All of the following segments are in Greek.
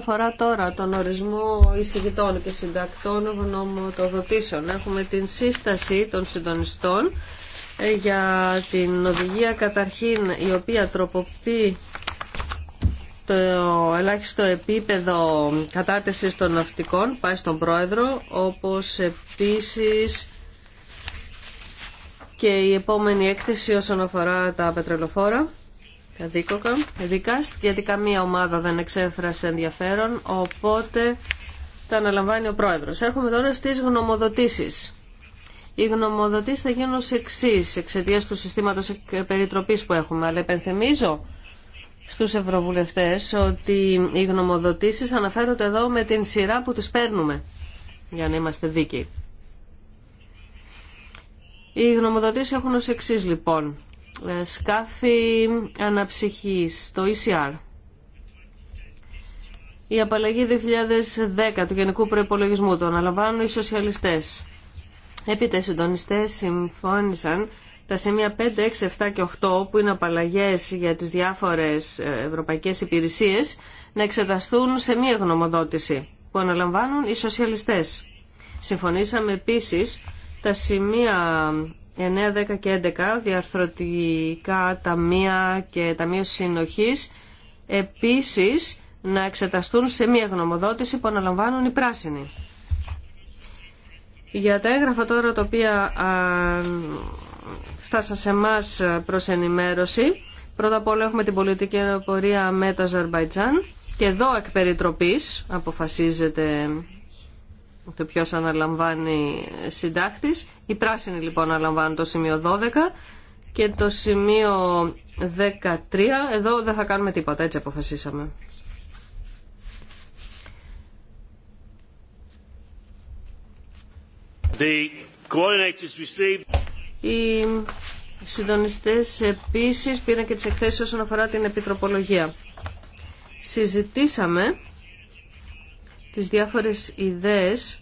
αφορά τώρα τον ορισμό εισηγητών και συντακτών γνωμοτοδοτήσεων. Έχουμε την σύσταση των συντονιστών ε, για την οδηγία καταρχήν η οποία τροποποιεί το ελάχιστο επίπεδο κατάρτισης των ναυτικών πάει στον πρόεδρο όπως επίσης και η επόμενη έκθεση όσον αφορά τα πετρελοφόρα Καδίκοκα γιατί καμία ομάδα δεν εξέφρασε ενδιαφέρον, οπότε τα αναλαμβάνει ο πρόεδρος. Έρχομαι τώρα στις γνωμοδοτήσεις. Οι γνωμοδοτήσεις θα γίνουν ως εξή εξαιτίας του συστήματος περιτροπής που έχουμε. Αλλά υπενθυμίζω στους ευρωβουλευτές ότι οι γνωμοδοτήσεις αναφέρονται εδώ με την σειρά που τις παίρνουμε, για να είμαστε δίκαιοι. Οι γνωμοδοτήσεις έχουν ως εξή λοιπόν. Ε, σκάφη αναψυχής, το ECR. Η απαλλαγή 2010 του Γενικού Προϋπολογισμού το αναλαμβάνουν οι σοσιαλιστές. Έπειτα οι συντονιστές συμφώνησαν τα σημεία 5, 6, 7 και 8 που είναι απαλλαγές για τις διάφορες ε, ευρωπαϊκές υπηρεσίες να εξεταστούν σε μία γνωμοδότηση που αναλαμβάνουν οι σοσιαλιστές. Συμφωνήσαμε επίσης τα σημεία 9, 10 και 11 διαρθρωτικά ταμεία και ταμείο συνοχής επίσης να εξεταστούν σε μια γνωμοδότηση που αναλαμβάνουν οι πράσινοι. Για τα έγγραφα τώρα τα οποία φτάσαν σε εμά προς ενημέρωση πρώτα απ' όλα έχουμε την πολιτική πορεία με το Αζερβαϊτζάν και εδώ εκ περιτροπής αποφασίζεται το ποιο αναλαμβάνει συντάκτη. Οι πράσινοι λοιπόν αναλαμβάνουν το σημείο 12 και το σημείο 13 εδώ δεν θα κάνουμε τίποτα, έτσι αποφασίσαμε. The Οι συντονιστές επίσης πήραν και τις εκθέσεις όσον αφορά την επιτροπολογία. Συζητήσαμε τις διάφορες ιδέες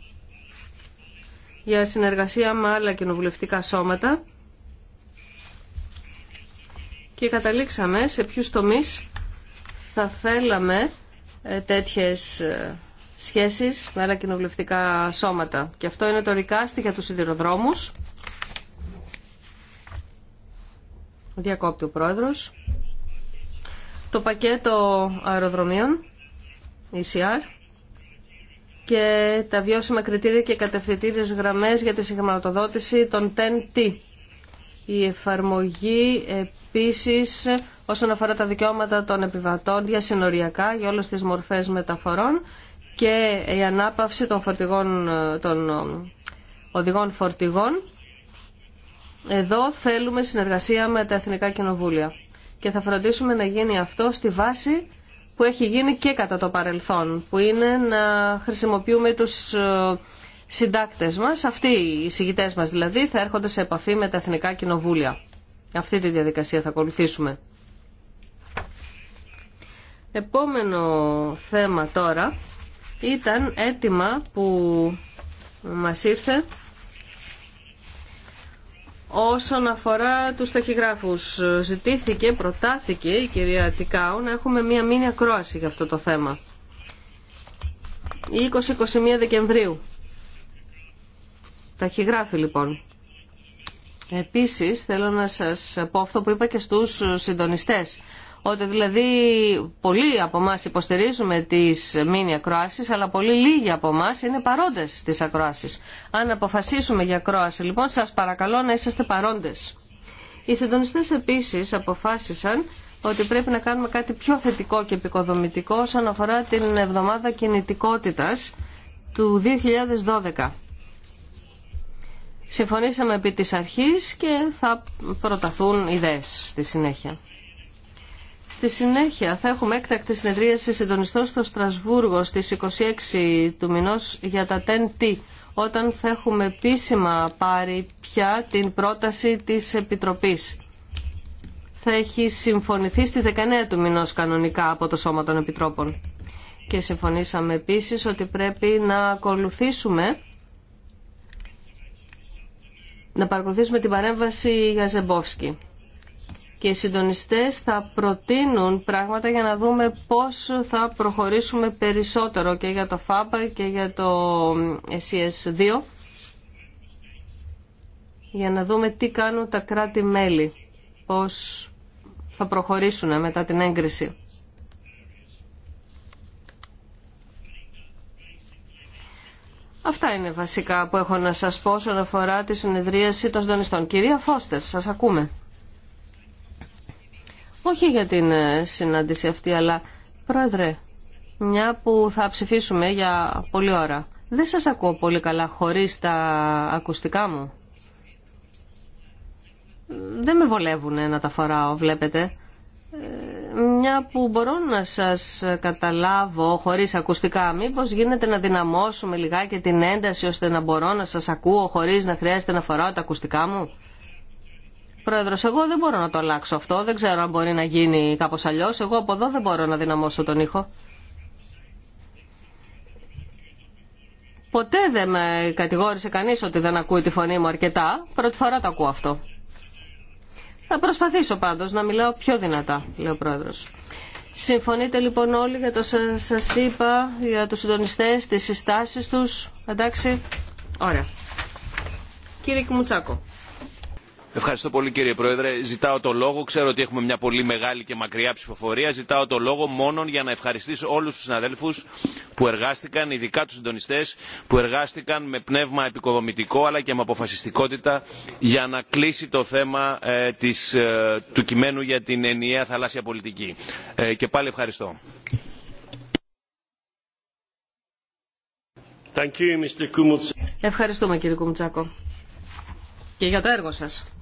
για συνεργασία με άλλα κοινοβουλευτικά σώματα και καταλήξαμε σε ποιους τομείς θα θέλαμε ε, τέτοιες ε, σχέσεις με άλλα κοινοβουλευτικά σώματα. Και αυτό είναι το ρικάστη για τους σιδηροδρόμους. Διακόπτει ο Πρόεδρος. Το πακέτο αεροδρομίων, ECR και τα βιώσιμα κριτήρια και κατευθυντήριες γραμμές για τη συγχρηματοδότηση των TEN-T. Η εφαρμογή επίσης όσον αφορά τα δικαιώματα των επιβατών διασυνοριακά για όλες τις μορφές μεταφορών και η ανάπαυση των, φορτηγών, των οδηγών φορτηγών. Εδώ θέλουμε συνεργασία με τα Εθνικά Κοινοβούλια και θα φροντίσουμε να γίνει αυτό στη βάση που έχει γίνει και κατά το παρελθόν, που είναι να χρησιμοποιούμε τους ε, συντάκτες μας, αυτοί οι συγητές μας δηλαδή, θα έρχονται σε επαφή με τα εθνικά κοινοβούλια. Αυτή τη διαδικασία θα ακολουθήσουμε. Επόμενο θέμα τώρα ήταν έτοιμα που μας ήρθε Όσον αφορά τους ταχυγράφους, ζητήθηκε, προτάθηκε η κυρία Τικάου να έχουμε μία μήνυα κρόαση για αυτό το θέμα. 20-21 Δεκεμβρίου. Ταχυγράφη λοιπόν. Επίσης θέλω να σας πω αυτό που είπα και στους συντονιστές. Ότι δηλαδή πολλοί από εμά υποστηρίζουμε τι μήνυ ακρόασει, αλλά πολύ λίγοι από εμά είναι παρόντες στις ακρόασει. Αν αποφασίσουμε για ακρόαση, λοιπόν, σα παρακαλώ να είσαστε παρόντε. Οι συντονιστέ επίση αποφάσισαν ότι πρέπει να κάνουμε κάτι πιο θετικό και επικοδομητικό όσον αφορά την εβδομάδα κινητικότητας του 2012. Συμφωνήσαμε επί της αρχής και θα προταθούν ιδέες στη συνέχεια. Στη συνέχεια θα έχουμε έκτακτη συνεδρίαση συντονιστών στο Στρασβούργο στις 26 του μηνός για τα 10 όταν θα έχουμε επίσημα πάρει πια την πρόταση της Επιτροπής. Θα έχει συμφωνηθεί στις 19 του μηνός κανονικά από το Σώμα των Επιτρόπων. Και συμφωνήσαμε επίσης ότι πρέπει να ακολουθήσουμε να παρακολουθήσουμε την παρέμβαση για Ζεμπόφσκι και οι συντονιστές θα προτείνουν πράγματα για να δούμε πώς θα προχωρήσουμε περισσότερο και για το ΦΑΠΑ και για το SES2 για να δούμε τι κάνουν τα κράτη-μέλη, πώς θα προχωρήσουν μετά την έγκριση. Αυτά είναι βασικά που έχω να σας πω όσον αφορά τη συνεδρίαση των συντονιστών. Κυρία Φώστερ, σας ακούμε. Όχι για την ε, συνάντηση αυτή, αλλά πρόεδρε, μια που θα ψηφίσουμε για πολλή ώρα. Δεν σας ακούω πολύ καλά χωρίς τα ακουστικά μου. Δεν με βολεύουν να τα φοράω, βλέπετε. Ε, μια που μπορώ να σας καταλάβω χωρίς ακουστικά, μήπως γίνεται να δυναμώσουμε λιγάκι την ένταση ώστε να μπορώ να σας ακούω χωρίς να χρειάζεται να φοράω τα ακουστικά μου. Πρόεδρος, εγώ δεν μπορώ να το αλλάξω αυτό. Δεν ξέρω αν μπορεί να γίνει κάπως αλλιώς. Εγώ από εδώ δεν μπορώ να δυναμώσω τον ήχο. Ποτέ δεν με κατηγόρησε κανείς ότι δεν ακούει τη φωνή μου αρκετά. Πρώτη φορά το ακούω αυτό. Θα προσπαθήσω πάντως να μιλάω πιο δυνατά, λέει ο Πρόεδρος. Συμφωνείτε λοιπόν όλοι για το σας είπα, για τους συντονιστές, τις συστάσεις τους, εντάξει. Ωραία. Κύριε Κιμουτσάκο. Ευχαριστώ πολύ κύριε Πρόεδρε. Ζητάω το λόγο. Ξέρω ότι έχουμε μια πολύ μεγάλη και μακριά ψηφοφορία. Ζητάω το λόγο μόνο για να ευχαριστήσω όλου του συναδέλφου που εργάστηκαν, ειδικά του συντονιστέ, που εργάστηκαν με πνεύμα επικοδομητικό αλλά και με αποφασιστικότητα για να κλείσει το θέμα ε, ε, του κειμένου για την ενιαία θαλάσσια πολιτική. Ε, και πάλι ευχαριστώ. Ευχαριστούμε κύριε Κουμουτσάκο και για το έργο σας.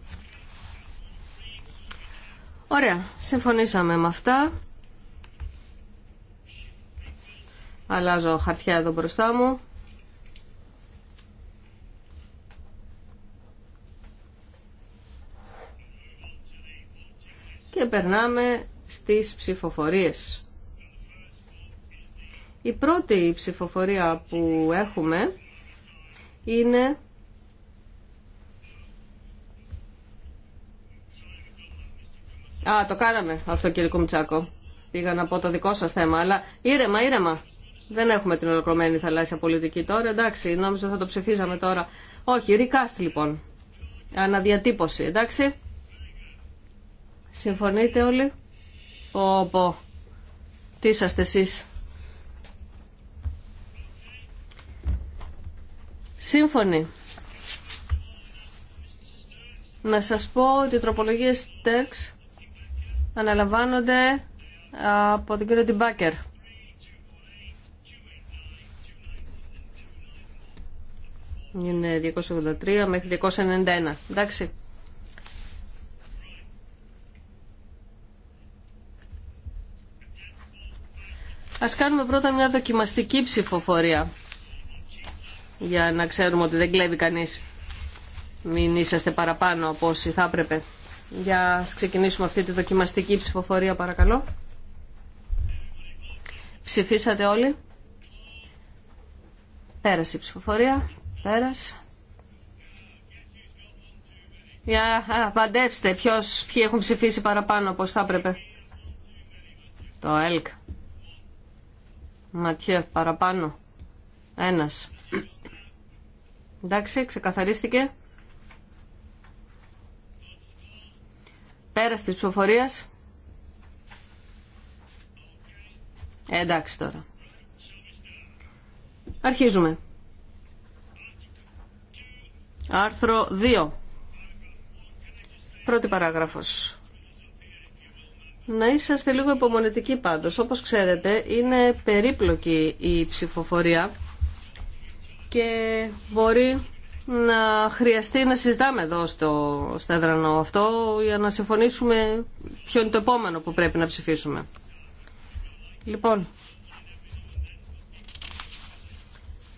Ωραία, συμφωνήσαμε με αυτά. Αλλάζω χαρτιά εδώ μπροστά μου. Και περνάμε στις ψηφοφορίες. Η πρώτη ψηφοφορία που έχουμε είναι Α, το κάναμε αυτό κύριε Κουμτσάκο. Πήγα να πω το δικό σας θέμα, αλλά ήρεμα, ήρεμα. Δεν έχουμε την ολοκληρωμένη θαλάσσια πολιτική τώρα, εντάξει, νόμιζα θα το ψηφίζαμε τώρα. Όχι, recast λοιπόν. Αναδιατύπωση, εντάξει. Συμφωνείτε όλοι. Πω, πω. Τι είσαστε εσείς. Σύμφωνοι. Να σας πω ότι οι τροπολογίες αναλαμβάνονται από τον κύριο Τιμπάκερ. Είναι 283 μέχρι 291. Εντάξει. Ας κάνουμε πρώτα μια δοκιμαστική ψηφοφορία για να ξέρουμε ότι δεν κλέβει κανείς. Μην είσαστε παραπάνω από όσοι θα έπρεπε. Για να ξεκινήσουμε αυτή τη δοκιμαστική ψηφοφορία παρακαλώ. Ψηφίσατε όλοι. Πέρασε η ψηφοφορία. Πέρασε. Για, απαντέψτε ποιος, ποιοι έχουν ψηφίσει παραπάνω πώς θα έπρεπε. Το ΕΛΚ. Ματιέ, παραπάνω. Ένας. Εντάξει, ξεκαθαρίστηκε. Πέρας της ψηφοφορίας. Ε, εντάξει τώρα. Αρχίζουμε. Άρθρο 2. Πρώτη παράγραφος. Να είσαστε λίγο υπομονετικοί πάντως. Όπως ξέρετε είναι περίπλοκη η ψηφοφορία και μπορεί να χρειαστεί να συζητάμε εδώ στο στέδρανο αυτό για να συμφωνήσουμε ποιο είναι το επόμενο που πρέπει να ψηφίσουμε. Λοιπόν,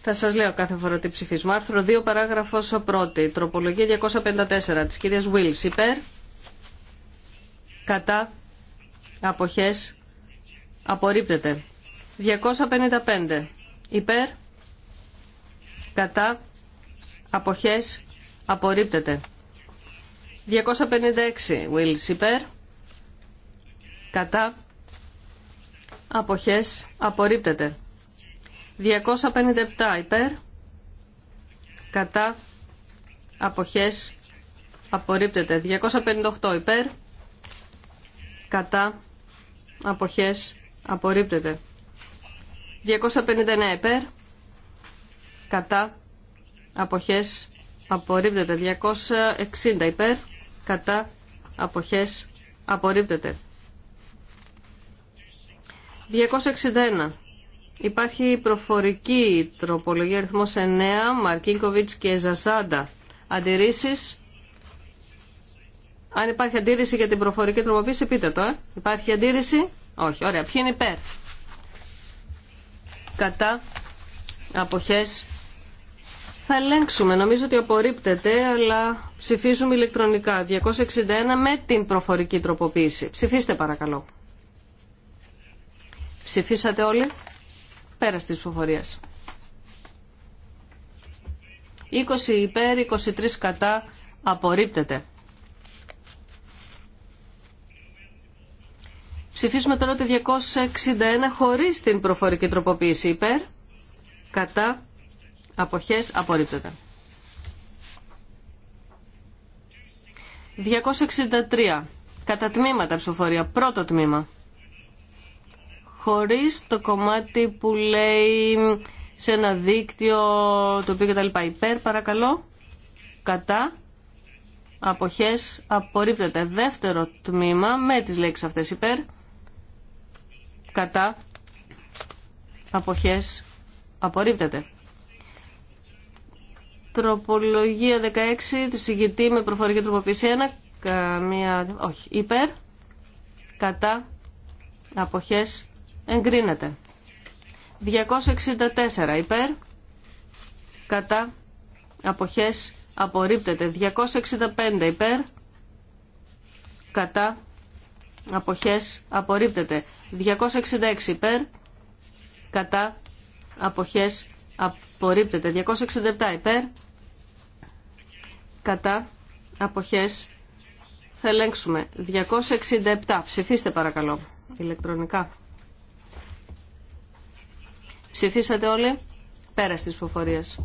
θα σας λέω κάθε φορά τι ψηφίσουμε. Άρθρο 2, παράγραφος 1, τροπολογία 254 της κυρίας Βουίλς υπέρ, κατά, αποχές, απορρίπτεται. 255, υπέρ, κατά, Αποχές απορρίπτεται. 256 Will υπέρ. Κατά. Αποχές απορρίπτεται. 257 υπέρ. Κατά. Αποχές απορρίπτεται. 258 υπέρ. Κατά. Αποχές απορρίπτεται. 259 υπέρ. Κατά αποχές απορρίπτεται. 260 υπέρ, κατά αποχές απορρίπτεται. 261. Υπάρχει προφορική τροπολογία αριθμός 9, Μαρκίνκοβιτς και Ζασάντα. Αντιρρήσεις. Αν υπάρχει αντίρρηση για την προφορική τροποποίηση, πείτε το. Ε. Υπάρχει αντίρρηση. Όχι, ωραία. Ποιοι είναι υπέρ. Κατά. Αποχές. Θα ελέγξουμε. Νομίζω ότι απορρίπτεται, αλλά ψηφίζουμε ηλεκτρονικά. 261 με την προφορική τροποποίηση. Ψηφίστε παρακαλώ. Ψηφίσατε όλοι. Πέρα της προφορίας. 20 υπέρ, 23 κατά. Απορρίπτεται. Ψηφίσουμε τώρα το 261 χωρίς την προφορική τροποποίηση υπέρ, κατά, Αποχές απορρίπτεται. 263. Κατά τμήματα ψηφοφορία. Πρώτο τμήμα. Χωρίς το κομμάτι που λέει σε ένα δίκτυο το οποίο κτλ. Υπέρ παρακαλώ. Κατά. Αποχές απορρίπτεται. Δεύτερο τμήμα με τις λέξεις αυτές υπέρ. Κατά. Αποχές απορρίπτεται. Τροπολογία 16 του συγκητή με προφορική τροποποίηση 1. Καμία... Όχι. Υπέρ. Κατά. Αποχές. Εγκρίνεται. 264 υπέρ. Κατά. Αποχές. Απορρίπτεται. 265 υπέρ. Κατά. Αποχές. Απορρίπτεται. 266 υπέρ. Κατά. Αποχές. Απορρίπτεται. 267 υπέρ κατά, αποχές, θα ελέγξουμε. 267, ψηφίστε παρακαλώ, ηλεκτρονικά. Ψηφίσατε όλοι, πέρα στις ψηφοφορίες.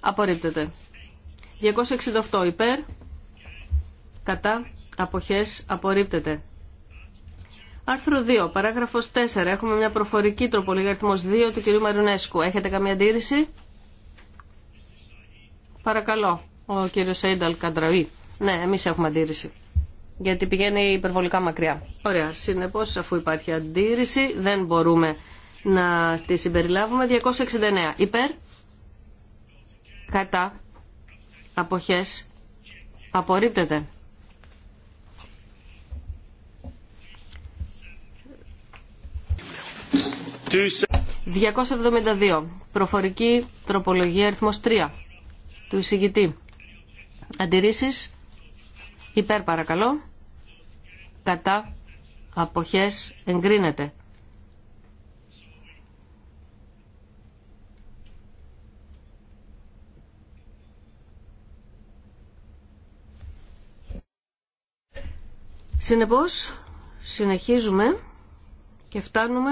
Απορρίπτεται. 268 υπέρ, κατά, αποχές, απορρίπτεται. Άρθρο 2, παράγραφος 4. Έχουμε μια προφορική τροπολογία αριθμός 2 του κ. Μαρουνέσκου. Έχετε καμία αντίρρηση? Παρακαλώ, ο κύριο Σέινταλ Καντραουή. Ναι, εμεί έχουμε αντίρρηση. Γιατί πηγαίνει υπερβολικά μακριά. Ωραία. Συνεπώ αφού υπάρχει αντίρρηση, δεν μπορούμε να τη συμπεριλάβουμε. 269. Υπέρ. Κατά. Αποχές. Απορρίπτεται. 272. Προφορική τροπολογία αριθμό 3 του εισηγητή. Αντιρρήσεις. Υπέρ παρακαλώ. Κατά. Αποχές. Εγκρίνεται. Συνεπώς, συνεχίζουμε και φτάνουμε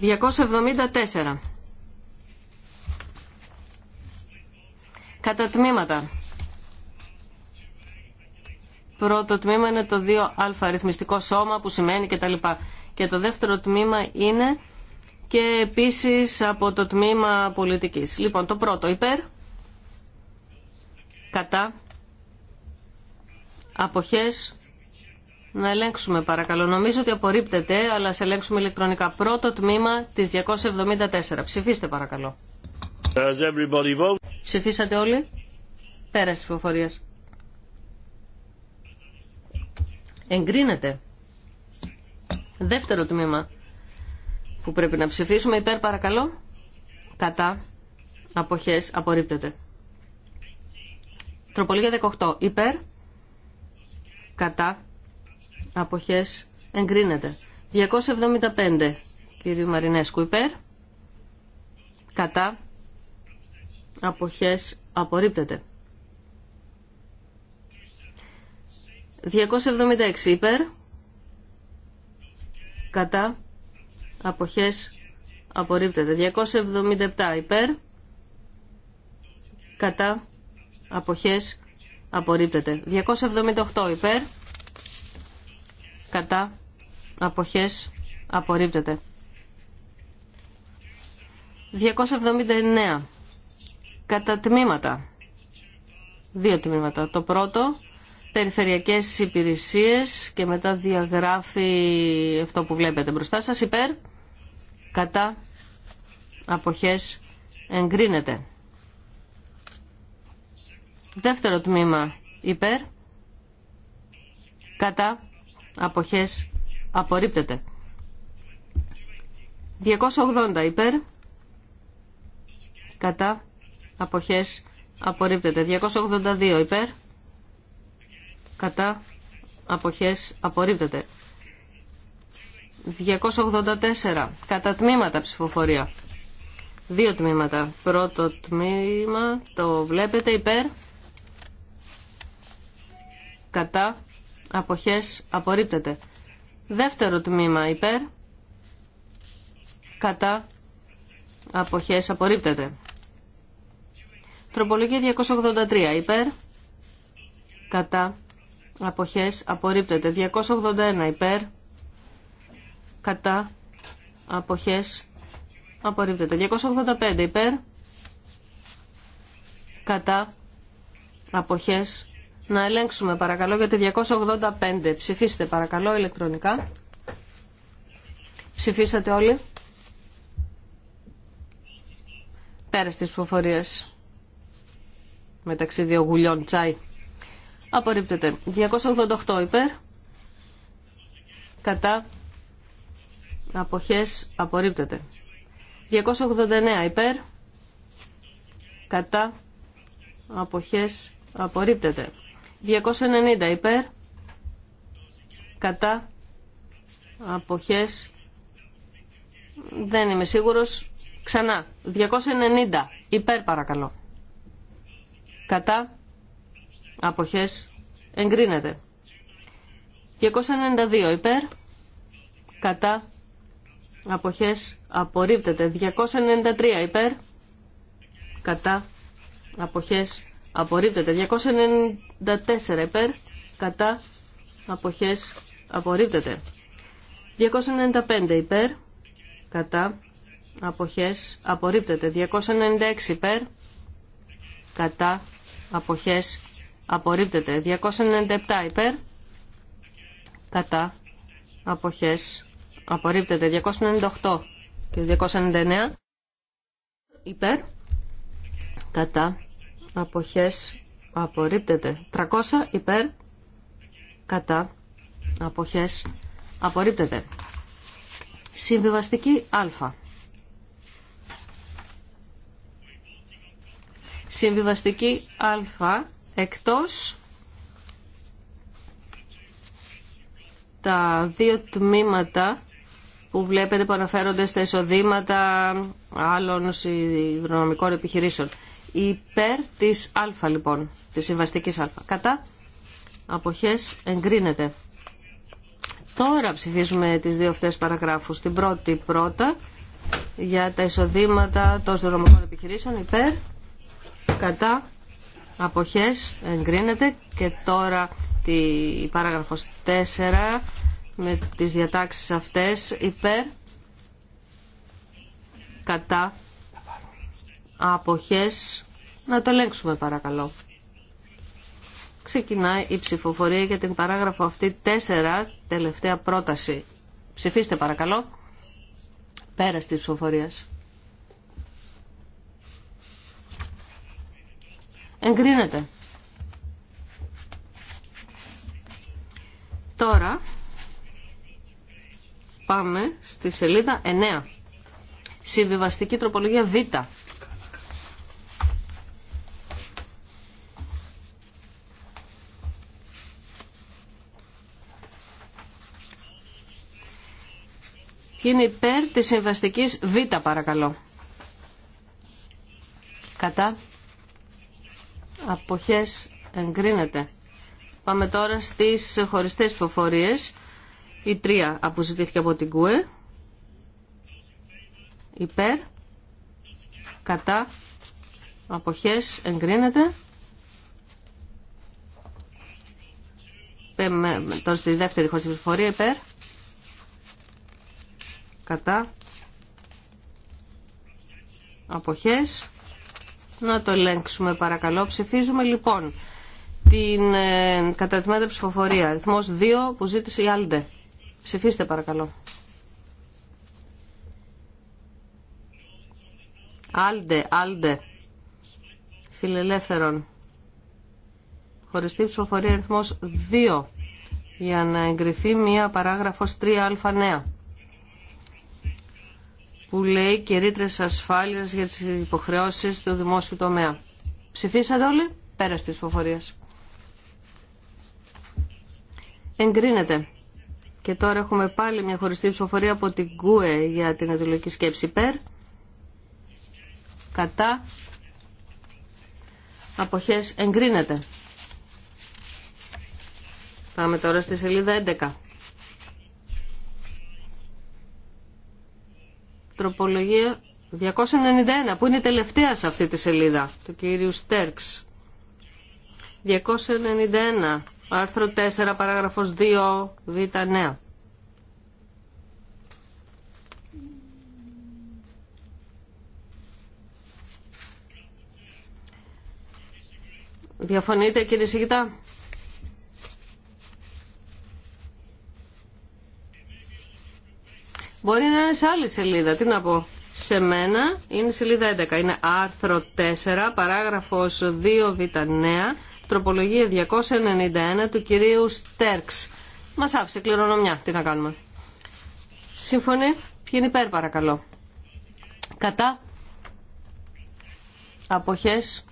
274. Κατά τμήματα. Πρώτο τμήμα είναι το 2α αριθμιστικό σώμα που σημαίνει κτλ. Και το δεύτερο τμήμα είναι και επίσης από το τμήμα πολιτικής. Λοιπόν, το πρώτο υπέρ, κατά, αποχές, να ελέγξουμε παρακαλώ. Νομίζω ότι απορρίπτεται, αλλά σε ελέγξουμε ηλεκτρονικά. Πρώτο τμήμα της 274. Ψηφίστε παρακαλώ. Ψηφίσατε όλοι. Πέρασε της ψηφοφορίας. Εγκρίνεται. Δεύτερο τμήμα που πρέπει να ψηφίσουμε. Υπέρ παρακαλώ. Κατά. Αποχές. Απορρίπτεται. Τροπολογία 18. Υπέρ. Κατά Αποχές εγκρίνεται. 275. Κύριε Μαρινέσκου υπέρ. Κατά. Αποχές απορρίπτεται. 276 υπέρ. Κατά. Αποχές απορρίπτεται. 277 υπέρ. Κατά. Αποχές απορρίπτεται. 278 υπέρ κατά αποχές απορρίπτεται. 279 κατά τμήματα. Δύο τμήματα. Το πρώτο περιφερειακές υπηρεσίες και μετά διαγράφει αυτό που βλέπετε μπροστά σας υπέρ κατά αποχές εγκρίνεται. Δεύτερο τμήμα υπέρ κατά αποχές απορρίπτεται. 280 υπέρ, κατά, αποχές απορρίπτεται. 282 υπέρ, κατά, αποχές απορρίπτεται. 284 κατά τμήματα ψηφοφορία. Δύο τμήματα. Πρώτο τμήμα το βλέπετε υπέρ, κατά, Αποχές απορρίπτεται. Δεύτερο τμήμα υπέρ. Κατά. Αποχές απορρίπτεται. Τροπολογία 283 υπέρ. Κατά. Αποχές απορρίπτεται. 281 υπέρ. Κατά. Αποχές απορρίπτεται. 285 υπέρ. Κατά. Αποχές να ελέγξουμε παρακαλώ για το 285. Ψηφίστε παρακαλώ ηλεκτρονικά. Ψηφίσατε όλοι. Πέρα στις προφορίες. Μεταξύ δύο γουλιών τσάι. Απορρίπτεται. 288 υπέρ. Κατά. Αποχές. Απορρίπτεται. 289 υπέρ. Κατά. Αποχές. Απορρίπτεται. 290 υπέρ, κατά, αποχές, δεν είμαι σίγουρος, ξανά, 290 υπέρ παρακαλώ, κατά, αποχές, εγκρίνεται. 292 υπέρ, κατά, αποχές, απορρίπτεται. 293 υπέρ, κατά, αποχές, απορρίπτεται. 294 υπέρ, κατά, αποχές, απορρίπτεται. 295 υπέρ, κατά, αποχές, απορρίπτεται. 296 υπέρ, κατά, αποχές, απορρίπτεται. 297 υπέρ, κατά, αποχές, απορρίπτεται. 298 και 299 υπέρ, κατά, αποχές απορρίπτεται. 300 υπέρ κατά αποχές απορρίπτεται. Συμβιβαστική α. Συμβιβαστική α εκτός τα δύο τμήματα που βλέπετε που αναφέρονται στα εισοδήματα άλλων συνδρομικών επιχειρήσεων. Υπέρ της α λοιπόν, της συμβαστικής α. Κατά αποχές εγκρίνεται. Τώρα ψηφίζουμε τις δύο αυτές παραγράφους. Την πρώτη πρώτα για τα εισοδήματα των συνδρομικών επιχειρήσεων υπέρ, κατά, αποχές, εγκρίνεται και τώρα τη, η παράγραφος 4 με τις διατάξεις αυτές υπέρ, κατά, αποχές να το ελέγξουμε παρακαλώ. Ξεκινάει η ψηφοφορία για την παράγραφο αυτή 4, τελευταία πρόταση. Ψηφίστε παρακαλώ. Πέρα της ψηφοφορίας. Εγκρίνεται. Τώρα πάμε στη σελίδα 9. Συμβιβαστική τροπολογία Β. είναι υπέρ της συμβαστικής Β παρακαλώ. Κατά. Αποχές εγκρίνεται. Πάμε τώρα στις χωριστές ψηφοφορίες. Η τρία αποζητήθηκε από την ΚΟΕ. Υπέρ. Κατά. Αποχές εγκρίνεται. Πάμε τώρα στη δεύτερη χωριστή ψηφοφορία. Υπέρ κατά αποχές να το ελέγξουμε παρακαλώ ψηφίζουμε λοιπόν την ε, ψηφοφορία αριθμός 2 που ζήτησε η Άλντε ψηφίστε παρακαλώ Άλντε, Άλντε φιλελεύθερον χωριστή ψηφοφορία ρυθμός 2 για να εγκριθεί μία παράγραφος 3α νέα που λέει και ρήτρε ασφάλειας για τις υποχρεώσεις του δημόσιου τομέα. Ψηφίσατε όλοι πέρα τη ψηφοφορία. Εγκρίνεται. Και τώρα έχουμε πάλι μια χωριστή ψηφοφορία από την ΚΟΕ για την αντιλογική σκέψη ΠΕΡ. Κατά. Αποχές εγκρίνεται. Πάμε τώρα στη σελίδα 11. Τροπολογία 291 που είναι τελευταία σε αυτή τη σελίδα του κύριου Στέρξ. 291 άρθρο 4 παράγραφος 2 β νέα. Διαφωνείτε κύριε Σιγητά. Μπορεί να είναι σε άλλη σελίδα, τι να πω. Σε μένα είναι σελίδα 11, είναι άρθρο 4, παράγραφος 2β9, τροπολογία 291 του κυρίου Στέρξ. Μας άφησε κληρονομιά, τι να κάνουμε. Σύμφωνοι, ποιοι είναι υπέρ παρακαλώ. Κατά αποχές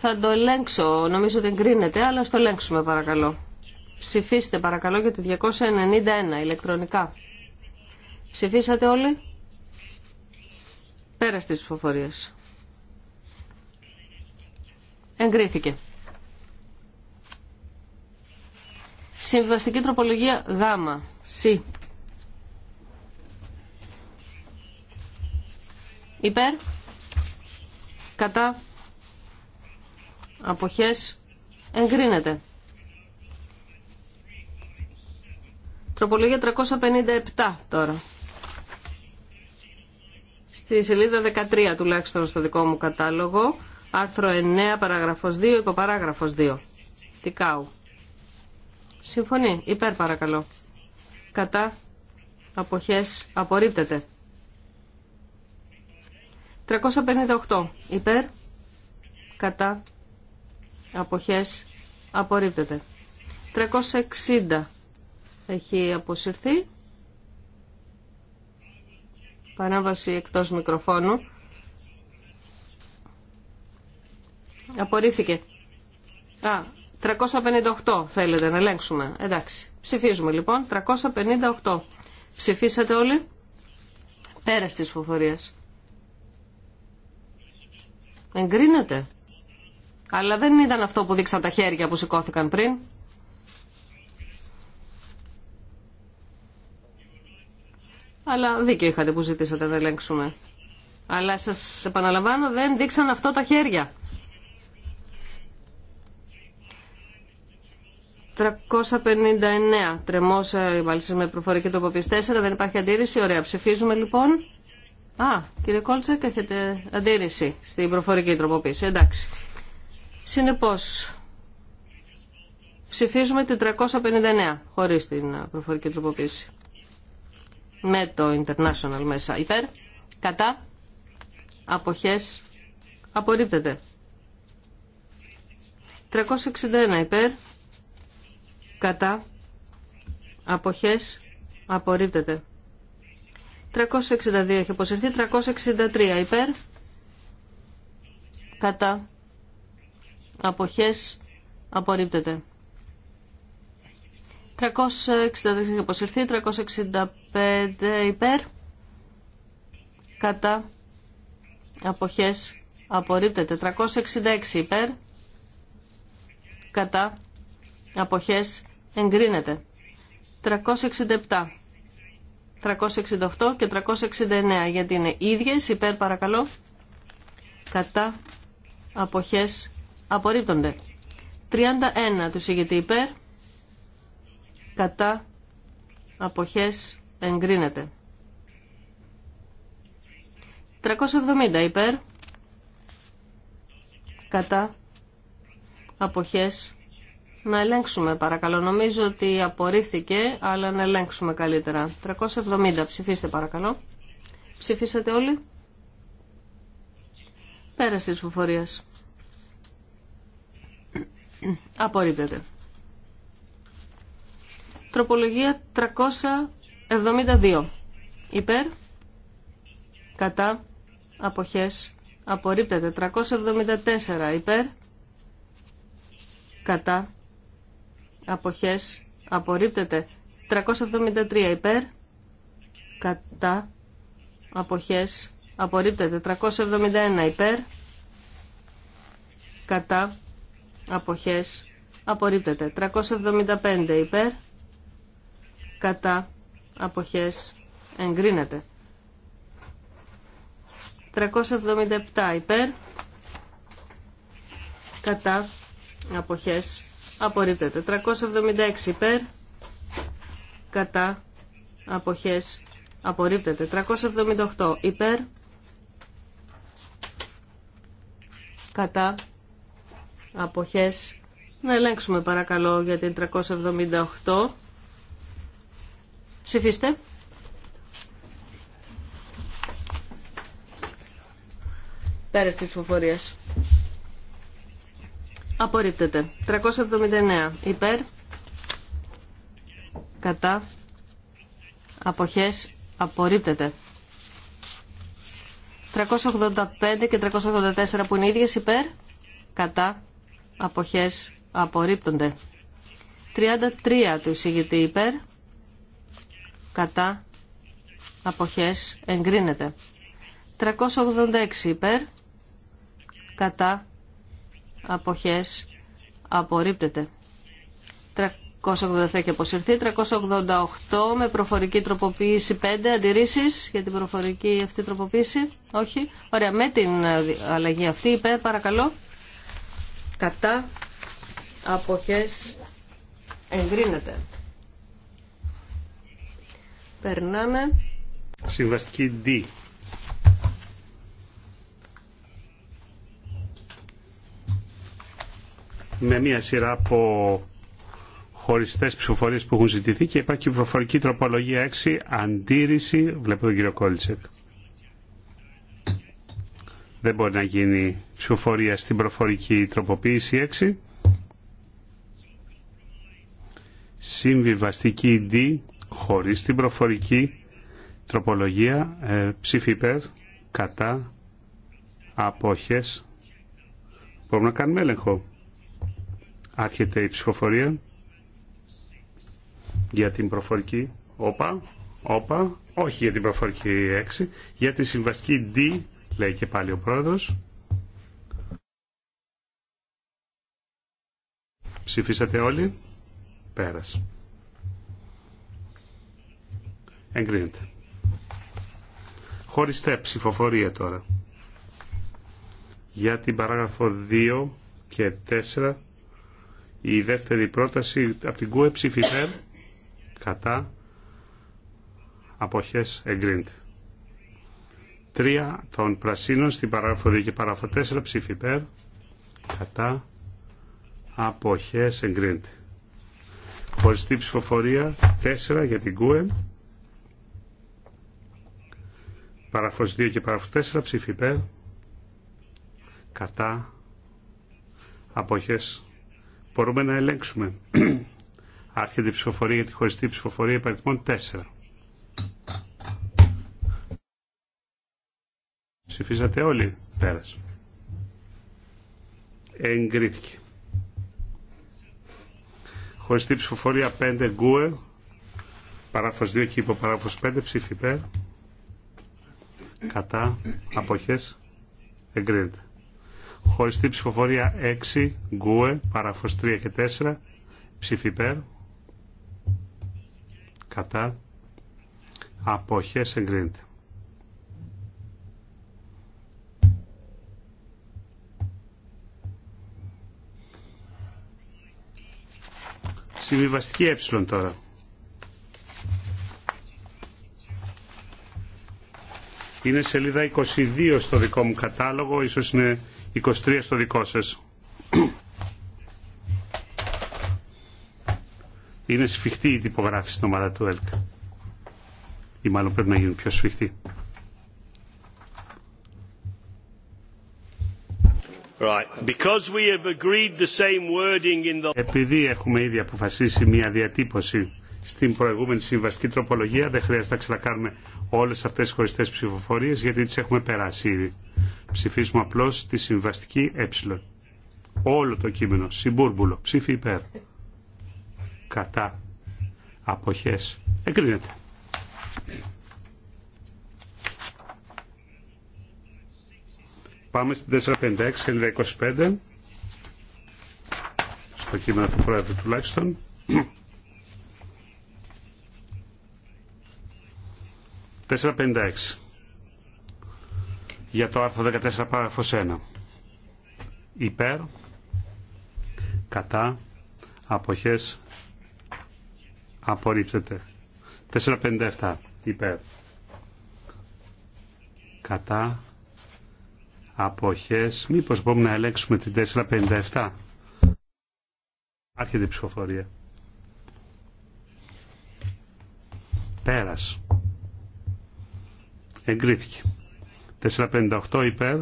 θα το ελέγξω, νομίζω ότι εγκρίνεται, αλλά στο ελέγξουμε παρακαλώ. Ψηφίστε παρακαλώ για το 291 ηλεκτρονικά. Ψηφίσατε όλοι. Πέρα στις ψηφοφορίες. Εγκρίθηκε. Συμβιβαστική τροπολογία Γ. Σ. Υπέρ. Κατά. Αποχές. Εγκρίνεται. Τροπολογία 357 τώρα στη σελίδα 13 τουλάχιστον στο δικό μου κατάλογο, άρθρο 9, παράγραφος 2, υποπαράγραφος 2. Τικάου. Συμφωνεί. Υπέρ παρακαλώ. Κατά. Αποχές. Απορρίπτεται. 358. Υπέρ. Κατά. Αποχές. Απορρίπτεται. 360. Έχει αποσυρθεί. Παράβαση εκτός μικροφώνου. Απορρίφθηκε. Α, 358 θέλετε να ελέγξουμε. Εντάξει. Ψηφίζουμε λοιπόν. 358. Ψηφίσατε όλοι. Πέρας της φοφορίας. Εγκρίνεται. Αλλά δεν ήταν αυτό που δείξαν τα χέρια που σηκώθηκαν πριν. αλλά δίκαιο είχατε που ζητήσατε να ελέγξουμε. Αλλά σας επαναλαμβάνω δεν δείξαν αυτό τα χέρια. 359 τρεμόσα η βάλση με προφορική τροποποίηση 4 δεν υπάρχει αντίρρηση. Ωραία ψηφίζουμε λοιπόν. Α κύριε Κόλτσεκ έχετε αντίρρηση στην προφορική τροποποίηση. Εντάξει. Συνεπώς ψηφίζουμε την 359 χωρίς την προφορική τροποποίηση με το International μέσα υπέρ, κατά, αποχές, απορρίπτεται. 361 υπέρ, κατά, αποχές, απορρίπτεται. 362 έχει αποσυρθεί, 363 υπέρ, κατά, αποχές, απορρίπτεται. 364 έχει αποσυρθεί, 365 υπέρ, κατά αποχές απορρίπτεται, 366 υπέρ, κατά αποχές εγκρίνεται, 367. 368 και 369 γιατί είναι ίδιες υπέρ παρακαλώ κατά αποχές απορρίπτονται 31 του συγκεκριμένου υπέρ κατά αποχές εγκρίνεται. 370 υπέρ κατά αποχές να ελέγξουμε παρακαλώ. Νομίζω ότι απορρίφθηκε, αλλά να ελέγξουμε καλύτερα. 370, ψηφίστε παρακαλώ. Ψηφίσατε όλοι. Πέρα της φοφορία. Απορρίπτεται. Τροπολογία 372. Υπέρ. Κατά. Αποχές. Απορρίπτεται. 374. Υπέρ. Κατά. Αποχές. Απορρίπτεται. 373. Υπέρ. Κατά. Αποχές. Απορρίπτεται. 371. Υπέρ. Κατά. Αποχές. Απορρίπτεται. 375. Υπέρ κατά αποχές εγκρίνεται. 377 υπέρ κατά αποχές απορρίπτεται. 376 υπέρ κατά αποχές απορρίπτεται. 378 υπέρ κατά αποχές να ελέγξουμε παρακαλώ για την 378 Ψηφίστε. Πέρα τη ψηφοφορίας. Απορρίπτεται. 379. Υπέρ. Κατά. Αποχές. Απορρίπτεται. 385 και 384 που είναι ίδιες υπέρ. Κατά. Αποχές. Απορρίπτονται. 33 του εισηγητή υπέρ κατά αποχές εγκρίνεται. 386 υπέρ κατά αποχές απορρίπτεται. 387 και αποσυρθεί. 388 με προφορική τροποποίηση 5 αντιρρήσεις για την προφορική αυτή τροποποίηση. Όχι. Ωραία. Με την αλλαγή αυτή υπέρ παρακαλώ κατά αποχές εγκρίνεται. Περνάμε. Συμβαστική D. Με μία σειρά από χωριστές ψηφοφορίες που έχουν ζητηθεί και υπάρχει και προφορική τροπολογία 6, αντίρρηση, βλέπω τον κύριο Κόλτσεκ. Δεν μπορεί να γίνει ψηφοφορία στην προφορική τροποποίηση 6. Συμβιβαστική D χωρίς την προφορική τροπολογία ε, ψήφι κατά, απόχες. Μπορούμε να κάνουμε έλεγχο. Άρχεται η ψηφοφορία για την προφορική. Όπα, όπα, όχι για την προφορική 6, για τη συμβαστική D, λέει και πάλι ο πρόεδρος. Ψηφίσατε όλοι. Πέρασε. Εγκρίνεται. Χωριστέ ψηφοφορία τώρα. Για την παράγραφο 2 και 4 η δεύτερη πρόταση από την ΚΟΕ ψήφισε κατά αποχές εγκρίνεται. 3 των πρασίνων στην παράγραφο 2 και παράγραφο 4 ψήφι υπέρ κατά αποχές εγκρίνεται. Χωριστή ψηφοφορία 4 για την ΚΟΕ Παραφώς 2 και παραφώς 4 ψήφι υπέρ. Κατά. Αποχές. Μπορούμε να ελέγξουμε. Άρχεται η ψηφοφορία για τη χωριστή ψηφοφορία υπαριθμών 4. Ψηφίσατε όλοι. Πέρασε. Εγκρίθηκε. Χωριστή ψηφοφορία 5 γκουε. Παράφος 2 και υποπαράφος 5 ψήφι υπέρ κατά αποχές εγκρίνεται. Χωριστή ψηφοφορία 6, γκουε, παραφος 3 και 4, ψήφι κατά αποχές εγκρίνεται. Συμβιβαστική ε τώρα. Είναι σελίδα 22 στο δικό μου κατάλογο, ίσως είναι 23 στο δικό σας. Είναι σφιχτή η τυπογράφηση στην ομάδα του ΕΛΚ. Ή μάλλον πρέπει να γίνει πιο σφιχτή. Right. Because we have agreed the same wording in the... Επειδή έχουμε ήδη αποφασίσει μια διατύπωση στην προηγούμενη συμβαστική τροπολογία, δεν χρειάζεται να ξανακάνουμε Όλε αυτέ τι χωριστέ ψηφοφορίε γιατί τι έχουμε περάσει ήδη. Ψηφίσουμε απλώ τη συμβαστική ε. Όλο το κείμενο, συμπούρμπουλο, ψήφι υπέρ. Κατά. Αποχές. Εγκρίνεται. Πάμε στην 456, σελίδα 25. Στο κείμενο του Πρόεδρου τουλάχιστον. 456 για το άρθρο 14 παράγραφος 1 υπέρ κατά αποχές απορρίπτεται 457 υπέρ κατά αποχές μήπως μπορούμε να ελέγξουμε την 457 άρχεται η ψηφοφορία πέρας εγκρίθηκε. 458 υπέρ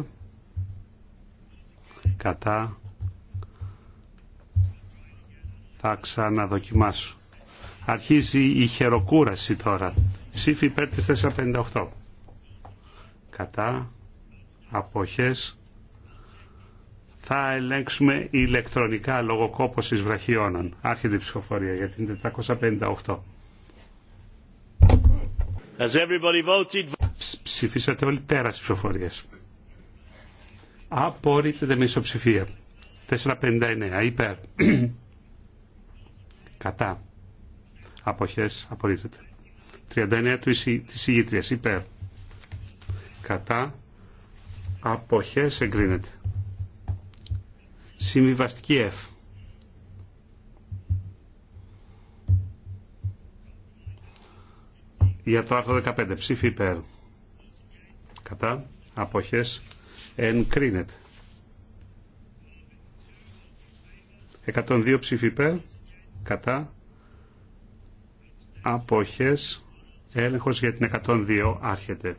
κατά θα ξαναδοκιμάσω. Αρχίζει η χεροκούραση τώρα. Ψήφι υπέρ της 458. Κατά αποχές θα ελέγξουμε ηλεκτρονικά λόγω κόπωσης βραχιώνων. Άρχεται η ψηφοφορία για την 458. Ψηφίσατε όλοι πέρα τη ψηφοφορίες. Απορρίπτεται με ισοψηφία. 459 υπέρ. Κατά. Αποχές απορρίπτεται. 39 του της ηγήτριας υπέρ. Κατά. Αποχές εγκρίνεται. Συμβιβαστική ΕΦ. για το άρθρο 15. Ψήφι υπέρ. Κατά. Αποχές. Εγκρίνεται. 102 ψήφι υπέρ. Κατά. Αποχές. Έλεγχος για την 102 άρχεται.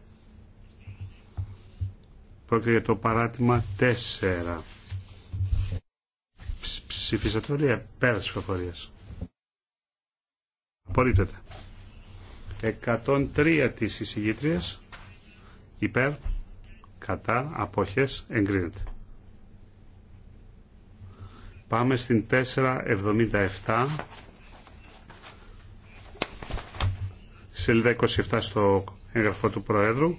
Πρόκειται για το παράτημα 4. Ψήφισατε όλοι ε, Πέρασε η Απορρίπτεται. 103 της εισηγήτριας υπέρ κατά αποχές εγκρίνεται. Πάμε στην 477 σελίδα 27 στο έγγραφο του Προέδρου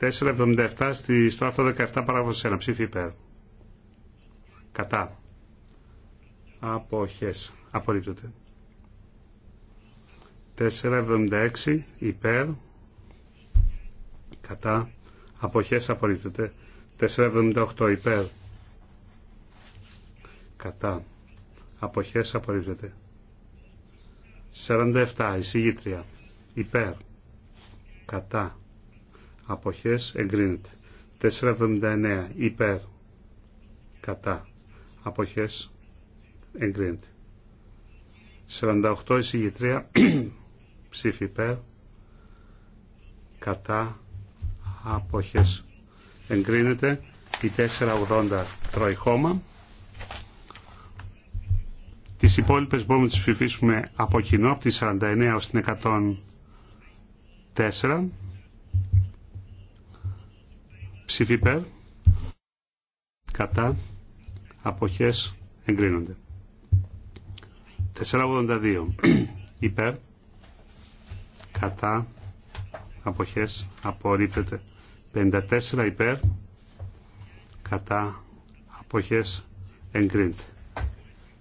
477 στη, στο άρθρο 17 παράγραφος 1 ψήφι υπέρ κατά αποχές απορρίπτεται 476 υπέρ κατά αποχές απορρίπτεται 478 υπέρ κατά αποχές απορρίπτεται 47 εισηγήτρια υπέρ κατά αποχές εγκρίνεται 479 υπέρ κατά αποχές εγκρίνεται 48 εισηγήτρια ψήφι υπέρ κατά αποχές εγκρίνεται η 480 τρώει χώμα τις υπόλοιπες μπορούμε να τις ψηφίσουμε από κοινό από τη 49 ως την 104 ψήφι υπέρ κατά αποχές εγκρίνονται 482 υπέρ κατά αποχές απορρίπτεται 54 υπέρ κατά αποχές εγκρίνεται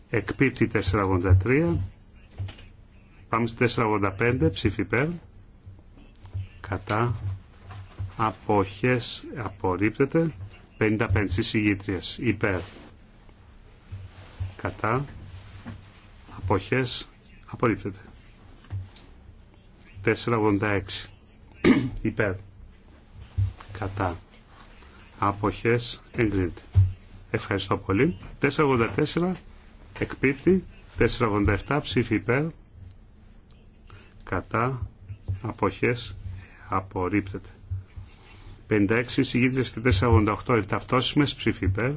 εκπίπτει 483 πάμε στη 485 ψήφι υπέρ κατά αποχές απορρίπτεται 55 συγγήτριες υπέρ κατά αποχές απορρίπτεται 486 υπέρ κατά αποχές εγκρίνεται. Ευχαριστώ πολύ. 484 εκπίπτει. 487 ψήφι υπέρ κατά αποχές απορρίπτεται. 56 συγκίτρες και 488 επταυτόσιμες ψήφι υπέρ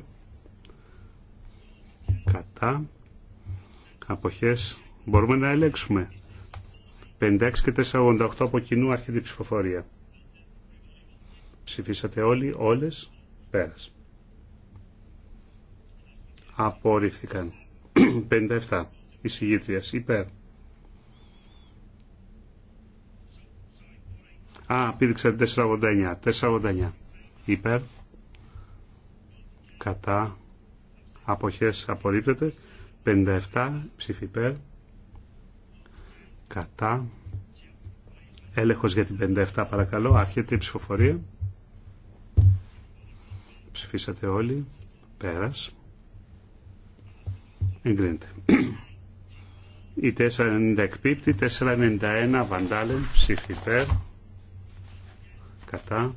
κατά αποχές μπορούμε να ελέγξουμε 56 και 48 από κοινού άρχεται ψηφοφορία. Ψηφίσατε όλοι, όλες, πέρας. Απορρίφθηκαν. 57. Εισηγήτριας, υπέρ. Α, πήδηξα 489. 489. Υπέρ. Κατά. Αποχές απορρίπτεται. 57. Ψήφι υπέρ κατά έλεγχος για την 57 παρακαλώ άρχεται η ψηφοφορία ψηφίσατε όλοι πέρας εγκρίνεται η 490 εκπίπτει 491 βαντάλεν ψήφι υπέρ κατά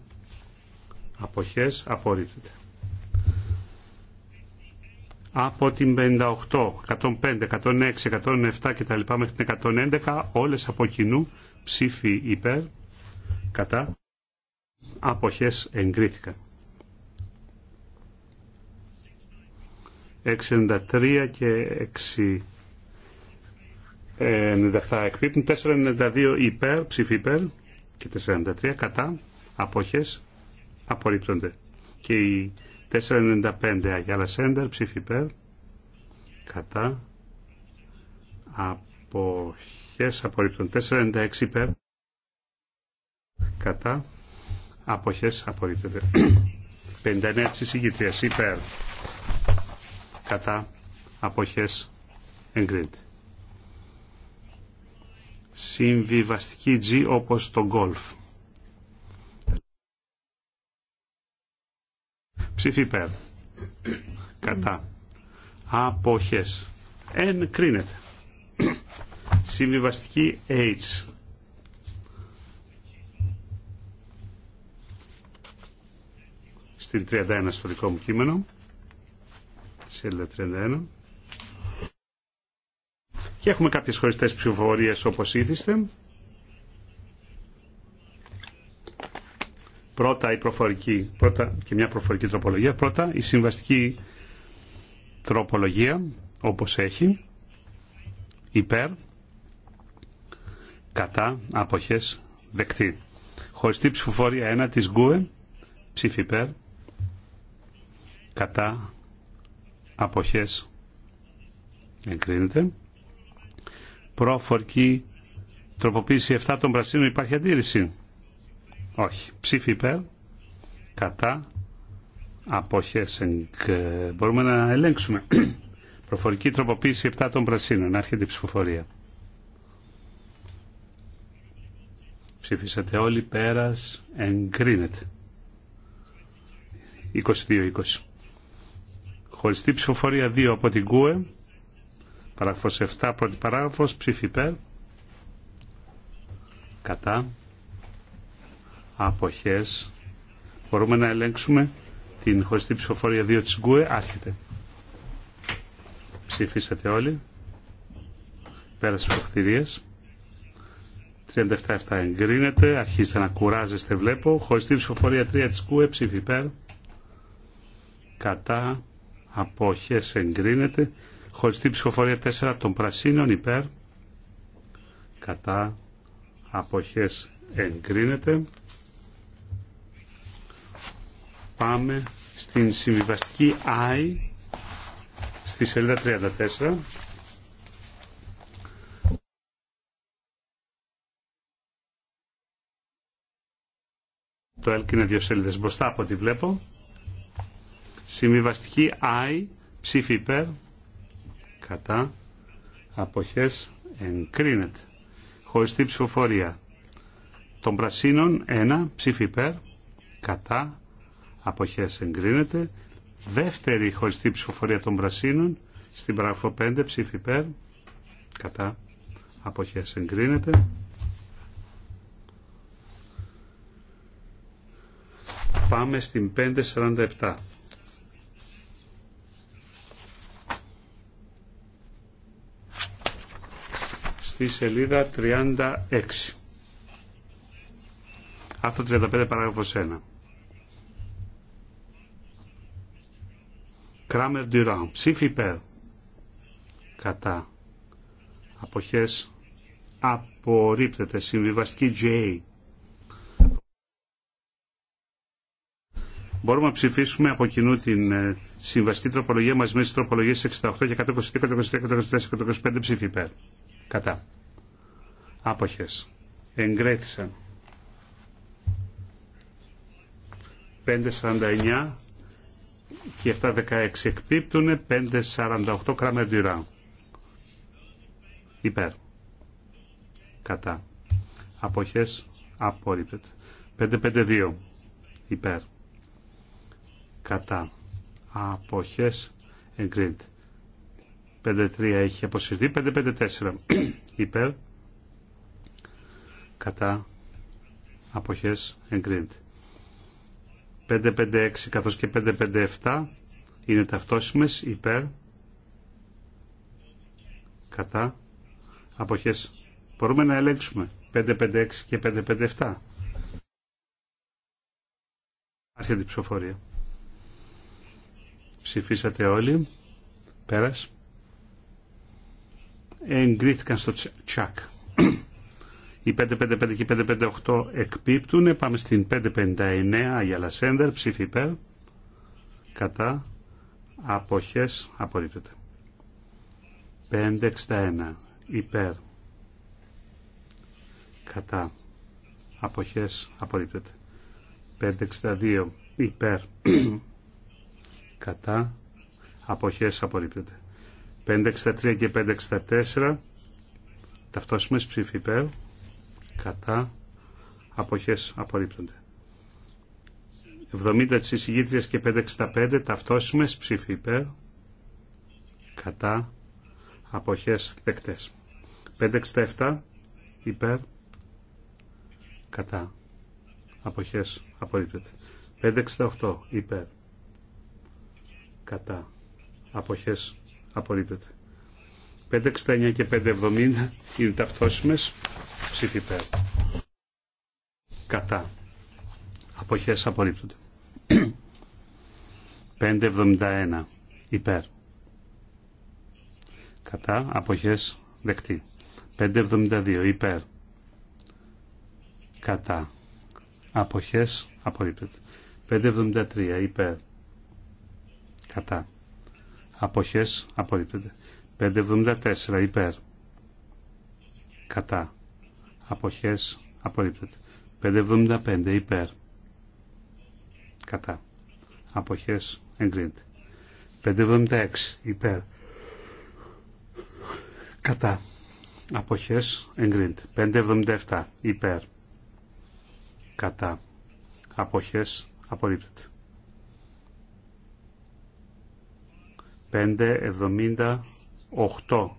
αποχές απορρίπτεται από την 58, 105, 106, 107 λοιπά μέχρι την 111, όλες από κοινού ψήφι υπέρ, κατά, αποχές εγκρίθηκαν. 693 και 6 εκπίπτουν, 492 υπέρ, ψήφι υπέρ και 43 κατά, απόχες απορρίπτονται. Και η 495 Αγιάλα Σέντερ, ψήφι υπέρ. Κατά. Αποχές απορρίπτων. 496 υπέρ. Κατά. Αποχές απορρίπτεται. 59 της εισηγητρίας υπέρ. Κατά. Αποχές εγκρίνεται. Συμβιβαστική G όπως το γκολφ. Ψήφι Κατά. Αποχές. Εν κρίνεται. Συμβιβαστική H. Στην 31 στο δικό μου κείμενο. Σελίδα 31. Και έχουμε κάποιες χωριστές ψηφοφορίες όπως ήθιστε. Πρώτα η προφορική, πρώτα και μια προφορική τροπολογία. Πρώτα η συμβαστική τροπολογία όπως έχει υπέρ κατά αποχές δεκτή. Χωριστή ψηφοφορία 1 της ΓΚΟΕ ψήφι υπέρ κατά αποχές εγκρίνεται. Πρόφορική τροποποίηση 7 των πρασίνων υπάρχει αντίρρηση. Όχι. Ψήφι υπέρ. Κατά. αποχέσενγκ. Μπορούμε να ελέγξουμε. Προφορική τροποποίηση 7 των πρασίνων. Άρχεται η ψηφοφορία. Ψήφισατε όλοι. Πέρας. Εγκρίνεται. 22-20. Χωριστή ψηφοφορία 2 από την ΚΟΕ. Παράγραφος 7, πρώτη παράγραφος, ψήφι υπέρ. Κατά αποχές μπορούμε να ελέγξουμε την χωριστή ψηφοφορία 2 της Γκουε άρχεται ψηφίσατε όλοι πέρασε προκτηριες 37-7 εγκρίνεται αρχίστε να κουράζεστε βλέπω χωριστή ψηφοφορία 3 της Γκουε ψήφι υπέρ κατά αποχές εγκρίνεται χωριστή ψηφοφορία 4 των πρασίνων υπέρ κατά αποχές εγκρίνεται Πάμε στην συμβιβαστική I στη σελίδα 34. Το ΕΛΚ είναι δύο σελίδες μπροστά από ό,τι βλέπω. Συμβιβαστική I, ψήφι υπέρ, κατά, αποχές, εγκρίνεται. Χωριστή ψηφοφορία. Των πρασίνων ένα, ψήφι υπέρ, κατά, Αποχέ εγκρίνεται. Δεύτερη χωριστή ψηφοφορία των πρασίνων στην παράγραφο 5 ψήφι υπέρ κατά αποχέ εγκρίνεται. Πάμε στην 547. Στη σελίδα 36. Αυτό 35 παράγραφος 1. Κράμερ Ντουράν. Ψήφι υπέρ. Κατά. Αποχές. Απορρίπτεται. Συμβιβαστική J. Μπορούμε να ψηφίσουμε από κοινού την ε, συμβαστική τροπολογία μαζί με τις τροπολογίες 68 και 123, 123, 124, 125 ψήφι υπέρ. Κατά. Άποχες. Εγκρέθησαν. 549 και 7-16 εκπίπτουν 5-48 κραμεντυρά υπέρ κατά αποχές απορρίπτεται 5-5-2 υπέρ κατά αποχές εγκρίνεται 5-3 έχει αποσυρθεί 5-5-4 υπέρ κατά αποχές εγκρίνεται 556 καθώς και 557 είναι ταυτόσιμες υπέρ κατά αποχές. Μπορούμε να ελέγξουμε 556 και 557. Άρχεται την ψηφοφορία. Ψηφίσατε όλοι. Πέρας. Εγκρίθηκαν στο τσακ. Οι 555 και 558 εκπίπτουν. Πάμε στην 559 για Λασέντερ. Ψήφι υπέρ. Κατά. Αποχές. Απορρίπτεται. 561 υπέρ. Κατά. Αποχές. Απορρίπτεται. 562 υπέρ. Κατά. Αποχές. Απορρίπτεται. 563 και 564 ταυτόσιμες ψήφι υπέρ κατά αποχές απορρίπτονται. 70 της εισηγήτριας και 565 ταυτόσιμες ψήφι υπέρ κατά αποχές δεκτές. 567 υπέρ κατά αποχές απορρίπτονται. 568 υπέρ κατά αποχές απορρίπτονται. 569 και 570 είναι ταυτόσιμες. Ψήφι Κατά. Αποχές απορρίπτονται. 571 υπέρ. Κατά. Αποχές δεκτή. 572 υπέρ. Κατά. Αποχές απορρίπτονται. 573 υπέρ. Κατά. Αποχές απορρίπτονται. 574 υπέρ. Κατά. Αποχές απορρίπτεται. 575 υπέρ. Κατά. Αποχές εγκρίνεται. 576 υπέρ. Κατά. Αποχές εγκρίνεται. 577 υπέρ. Κατά. Αποχές απορρίπτεται. 570 8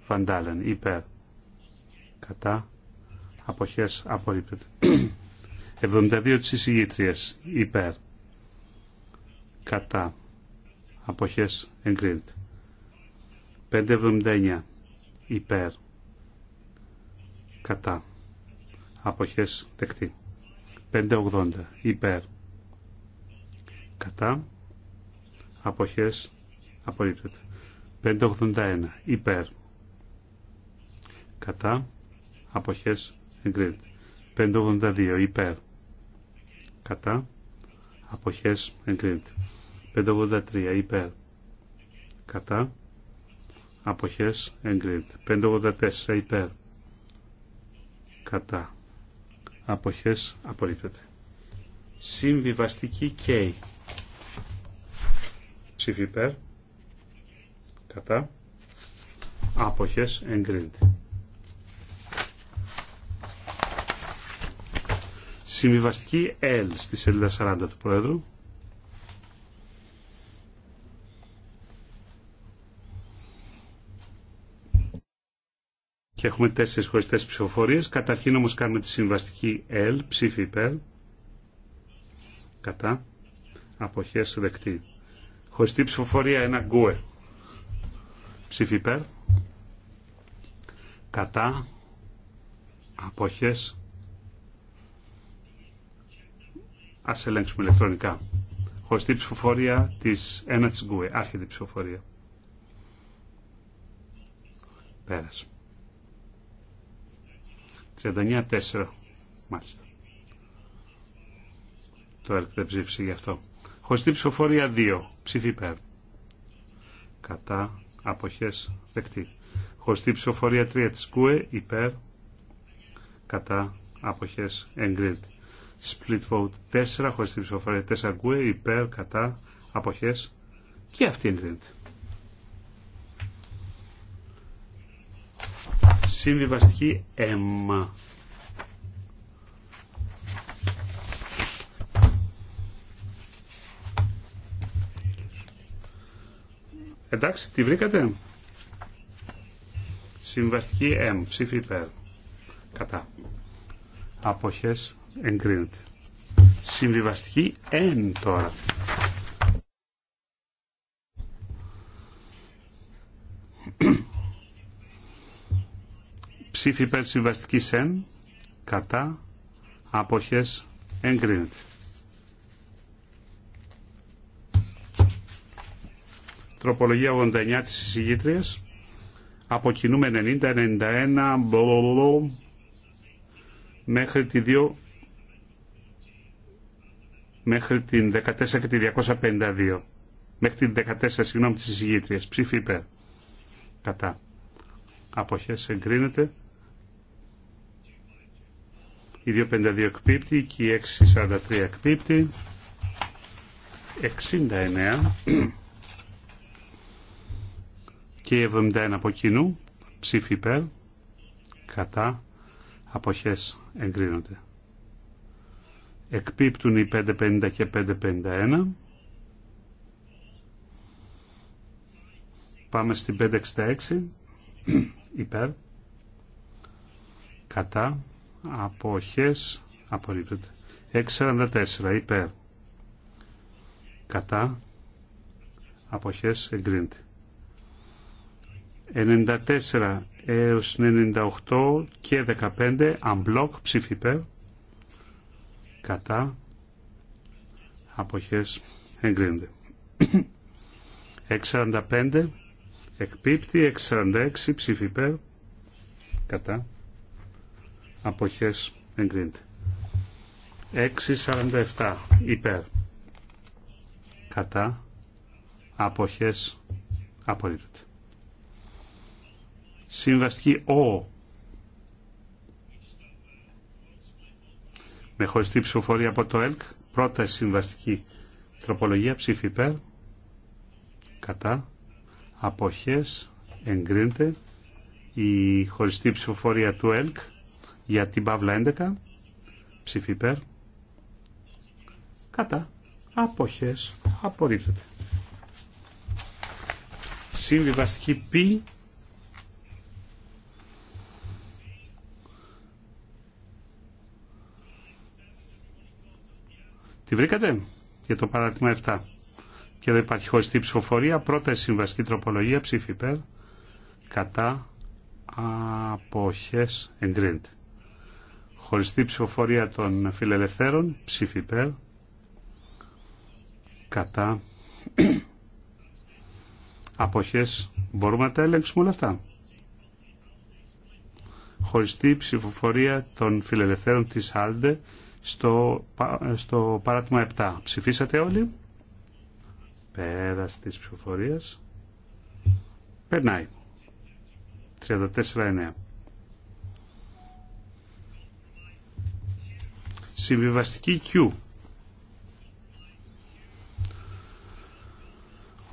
Φαντάλεν, υπέρ κατά αποχές απορρίπτεται 72 της εισηγήτριας υπέρ κατά αποχές εγκρίνεται 579 υπέρ κατά αποχές δεκτή 580 υπέρ κατά αποχές απορρίπτεται 581 υπέρ κατά αποχές εγκρίνεται 582 υπέρ κατά αποχές εγκρίνεται 583 υπέρ κατά αποχές εγκρίνεται 584 υπέρ κατά αποχές απορρίπτεται συμβιβαστική K ψήφι υπέρ κατά άποχες εγκρίνεται. Συμβιβαστική L στη σελίδα 40 του Πρόεδρου. Και έχουμε τέσσερις χωριστές ψηφοφορίες. Καταρχήν όμως κάνουμε τη συμβαστική L, ψήφι υπέρ, κατά, αποχές δεκτή. Χωριστή ψηφοφορία ένα γκουε. Ψήφι υπέρ. Κατά. Αποχές. Ας ελέγξουμε ηλεκτρονικά. Χωριστή ψηφοφορία της 1 της Γκουε. Άρχεται ψηφοφορία. Πέρας. 39-4. Μάλιστα. Το ΕΛΚ δεν ψήφισε γι' αυτό. Χωριστή ψηφοφορία 2. Ψήφι υπέρ. Κατά αποχές δεκτή. Χωστή ψηφοφορία 3 της ΚΟΕ υπέρ κατά αποχές εγκρίνεται. Split vote 4 χωρίς ψηφοφορία 4 ΚΟΕ υπέρ κατά αποχές και αυτή εγκρίνεται. Συμβιβαστική M Εντάξει, τη βρήκατε. Συμβαστική M, ψήφι υπέρ. Κατά. Αποχές εγκρίνεται. Συμβιβαστική N τώρα. ψήφι υπέρ συμβαστικής N. Κατά. Αποχές εγκρίνεται. τροπολογία 89 της κοινού αποκινουμε Αποκινούμε 90-91 μέχρι τη 2 μέχρι την 14 και τη 252. Μέχρι την 14, συγγνώμη, της εισηγήτριας. Ψήφι υπέρ. Κατά. Αποχές εγκρίνεται. Η 252 εκπίπτει και η 643 εκπίπτει. 69 και 71 από κοινού, ψήφι υπέρ, κατά, αποχές εγκρίνονται. Εκπίπτουν οι 550 και 551. Πάμε στην 566, υπέρ, κατά, αποχές, απορρίπτεται. 644, υπέρ, κατά, αποχές εγκρίνεται. 94 έως 98 και 15 unblock ψήφι κατά αποχές εγκρίνονται 645 εκπίπτει 646 ψήφι κατά αποχές εγκρίνονται. 647 υπέρ κατά αποχές απορρίπτεται Συμβαστική Ο. Με χωριστή ψηφοφορία από το ΕΛΚ. Πρώτα συμβαστική τροπολογία ψήφι υπέρ. Κατά. Αποχές. Εγκρίνεται. Η χωριστή ψηφοφορία του ΕΛΚ για την Παύλα 11. Ψήφι υπέρ. Κατά. Αποχές. Απορρίπτεται. Συμβιβαστική π Τη βρήκατε για το παράδειγμα 7. Και εδώ υπάρχει χωριστή ψηφοφορία. Πρώτα συμβαστική τροπολογία ψήφι υπέρ κατά αποχές εγκρίνεται. Χωριστή ψηφοφορία των φιλελευθέρων ψήφι υπέρ κατά αποχές. Μπορούμε να τα ελέγξουμε όλα αυτά. Χωριστή ψηφοφορία των φιλελευθέρων της άλδε στο, στο παράτημα 7. Ψηφίσατε όλοι. πέρα της ψηφοφορίας. Περνάει. 34-9. Συμβιβαστική Q.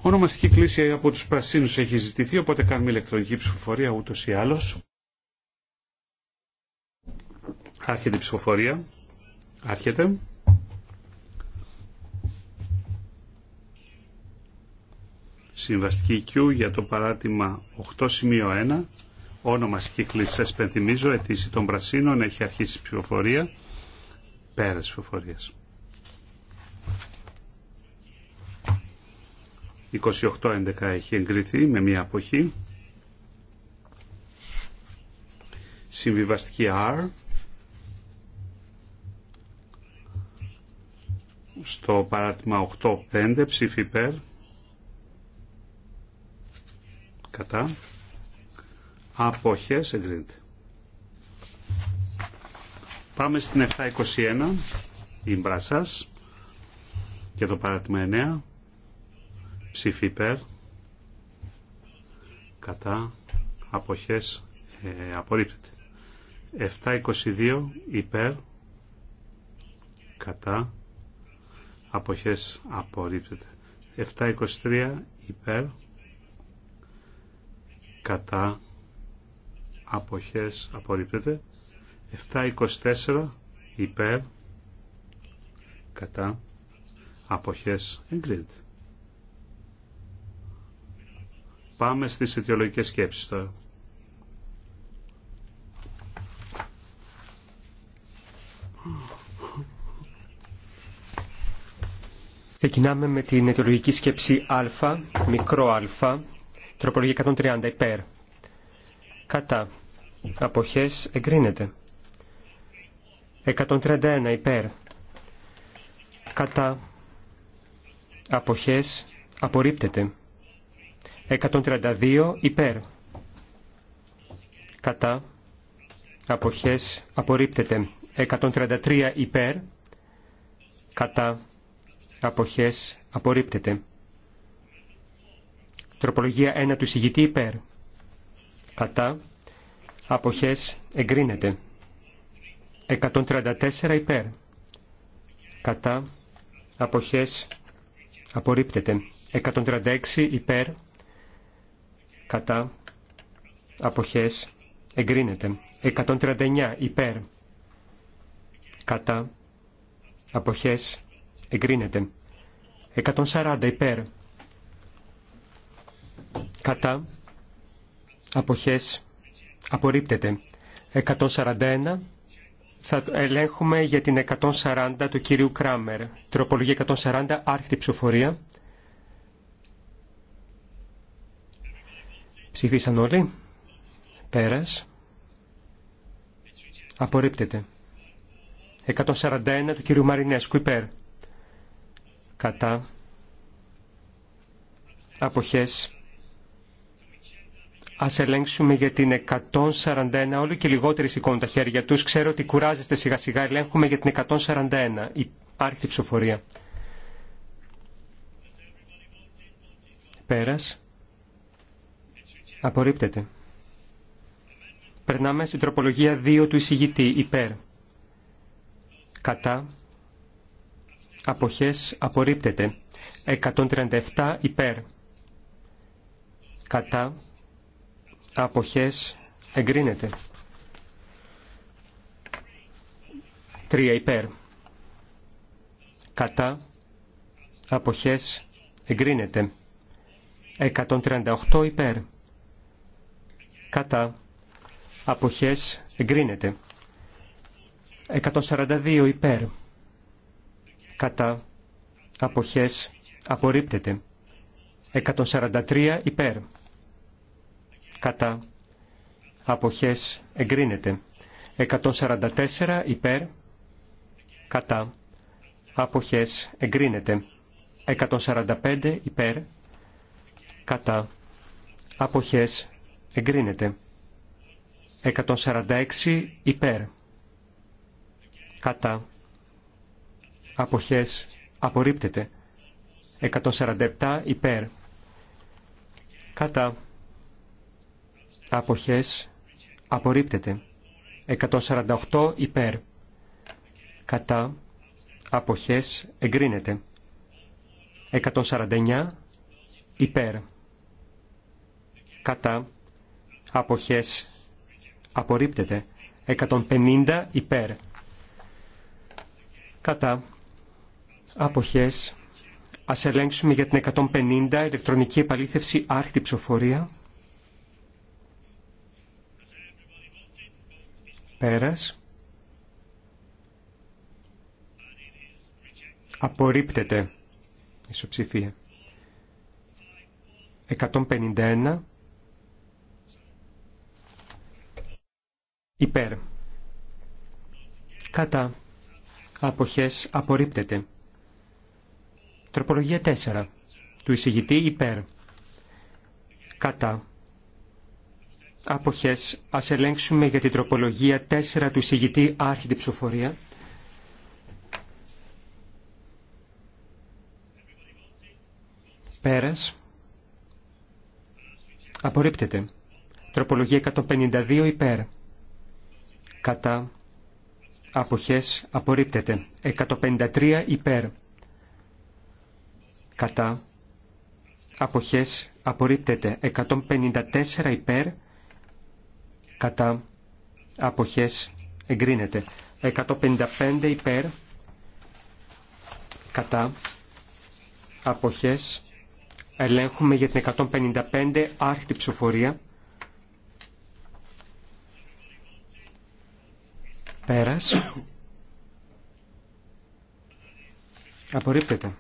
Ονομαστική κλίση από τους πρασίνους έχει ζητηθεί, οπότε κάνουμε ηλεκτρονική ψηφοφορία ούτως ή άλλως. Άρχεται η ψηφοφορία. Άρχεται. Συμβαστική Q για το παράτημα 8.1. όνομα κύκλη σα πενθυμίζω. τον των πρασίνων. Έχει αρχίσει η ψηφοφορία. τη ψηφοφορίας. 28-11 έχει εγκριθεί με μία αποχή. Συμβιβαστική R στο παράτημα 8-5 ψήφι υπέρ κατά αποχές εγκρίνεται. Πάμε στην 7-21, η Μπρασάς και το παράτημα 9 ψήφι υπέρ κατά αποχές ε, απορρίπτεται. 7-22, υπέρ κατά αποχές απορρίπτεται. 723 υπέρ κατά αποχές απορρίπτεται. 724 υπέρ κατά αποχές εγκρίνεται. Πάμε στις αιτιολογικές σκέψεις τώρα. Ξεκινάμε με την αιτιολογική σκέψη α, μικρό α, τροπολογία 130 υπέρ. Κατά. Αποχές εγκρίνεται. 131 υπέρ. Κατά. Αποχές απορρίπτεται. 132 υπέρ. Κατά. Αποχές απορρίπτεται. 133 υπέρ. Κατά αποχές απορρίπτεται. Τροπολογία 1 του συγητή υπέρ. Κατά. Αποχές εγκρίνεται. 134 υπέρ. Κατά. Αποχές απορρίπτεται. 136 υπέρ. Κατά. Αποχές εγκρίνεται. 139 υπέρ. Κατά. Αποχές εγκρίνεται. 140 υπέρ. Κατά. Αποχές. Απορρίπτεται. 141. Θα ελέγχουμε για την 140 του κυρίου Κράμερ. Τροπολογία 140. Άρχιτη ψηφοφορία. Ψηφίσαν όλοι. Πέρας. Απορρίπτεται. 141 του κυρίου Μαρινέσκου υπέρ κατά αποχές Ας ελέγξουμε για την 141. Όλο και λιγότεροι σηκώνουν τα χέρια τους. Ξέρω ότι κουράζεστε σιγά σιγά. Ελέγχουμε για την 141. Υπάρχει ψηφοφορία. Πέρας. Απορρίπτεται. Περνάμε στην τροπολογία 2 του εισηγητή. Υπέρ. Κατά αποχές απορρίπτεται. 137 υπέρ. Κατά αποχές εγκρίνεται. 3 υπέρ. Κατά αποχές εγκρίνεται. 138 υπέρ. Κατά αποχές εγκρίνεται. 142 υπέρ κατά αποχές απορρίπτεται 143 υπέρ κατά αποχές εγκρίνεται 144 υπέρ κατά αποχές εγκρίνεται 145 υπέρ κατά αποχές εγκρίνεται 146 υπέρ κατά αποχές απορρίπτεται. 147 υπέρ. Κατά αποχές απορρίπτεται. 148 υπέρ. Κατά αποχές εγκρίνεται. 149 υπέρ. Κατά αποχές απορρίπτεται. 150 υπέρ. Κατά Αποχές. Ας ελέγξουμε για την 150 ηλεκτρονική επαλήθευση άρχιτη ψηφοφορία. Πέρας. Απορρίπτεται. Ισοψηφία. 151. Υπέρ. Κατά. Αποχές απορρίπτεται. Τροπολογία 4. Του εισηγητή υπέρ. Κατά. Αποχές. Ας ελέγξουμε για την τροπολογία 4 του εισηγητή άρχιτη ψηφοφορία. Πέρας. Απορρίπτεται. Τροπολογία 152 υπέρ. Κατά. Αποχές. Απορρίπτεται. 153 υπέρ κατά αποχές απορρίπτεται 154 υπέρ κατά αποχές εγκρίνεται 155 υπέρ κατά αποχές ελέγχουμε για την 155 άρχιτη ψηφοφορία πέρας απορρίπτεται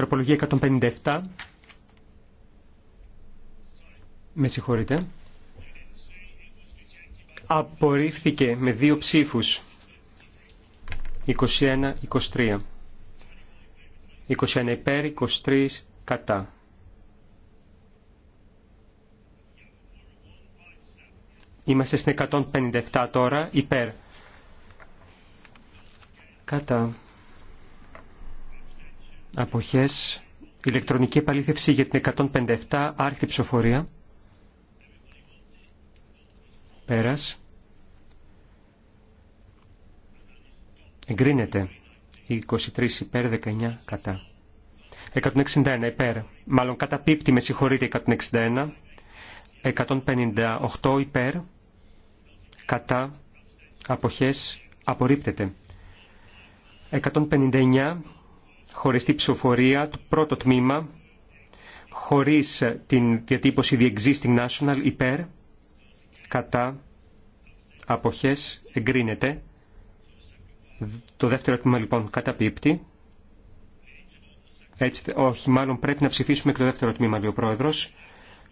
Τροπολογία 157. Με συγχωρείτε. Απορρίφθηκε με δύο ψήφους. 21-23. 21 υπέρ, 23 κατά. Είμαστε στην 157 τώρα, υπέρ. Κατά αποχές, ηλεκτρονική επαλήθευση για την 157 άρχιτη ψηφοφορία. Πέρας. Εγκρίνεται. 23 υπέρ, 19 κατά. 161 υπέρ. Μάλλον καταπίπτει, με συγχωρείτε, 161. 158 υπέρ. Κατά. Αποχές. Απορρίπτεται. 159 χωριστή ψηφοφορία, το πρώτο τμήμα, χωρίς την διατύπωση The Existing National, υπέρ, κατά, αποχές, εγκρίνεται. Το δεύτερο τμήμα λοιπόν καταπίπτει. Έτσι, όχι, μάλλον πρέπει να ψηφίσουμε και το δεύτερο τμήμα, λέει ο Πρόεδρος.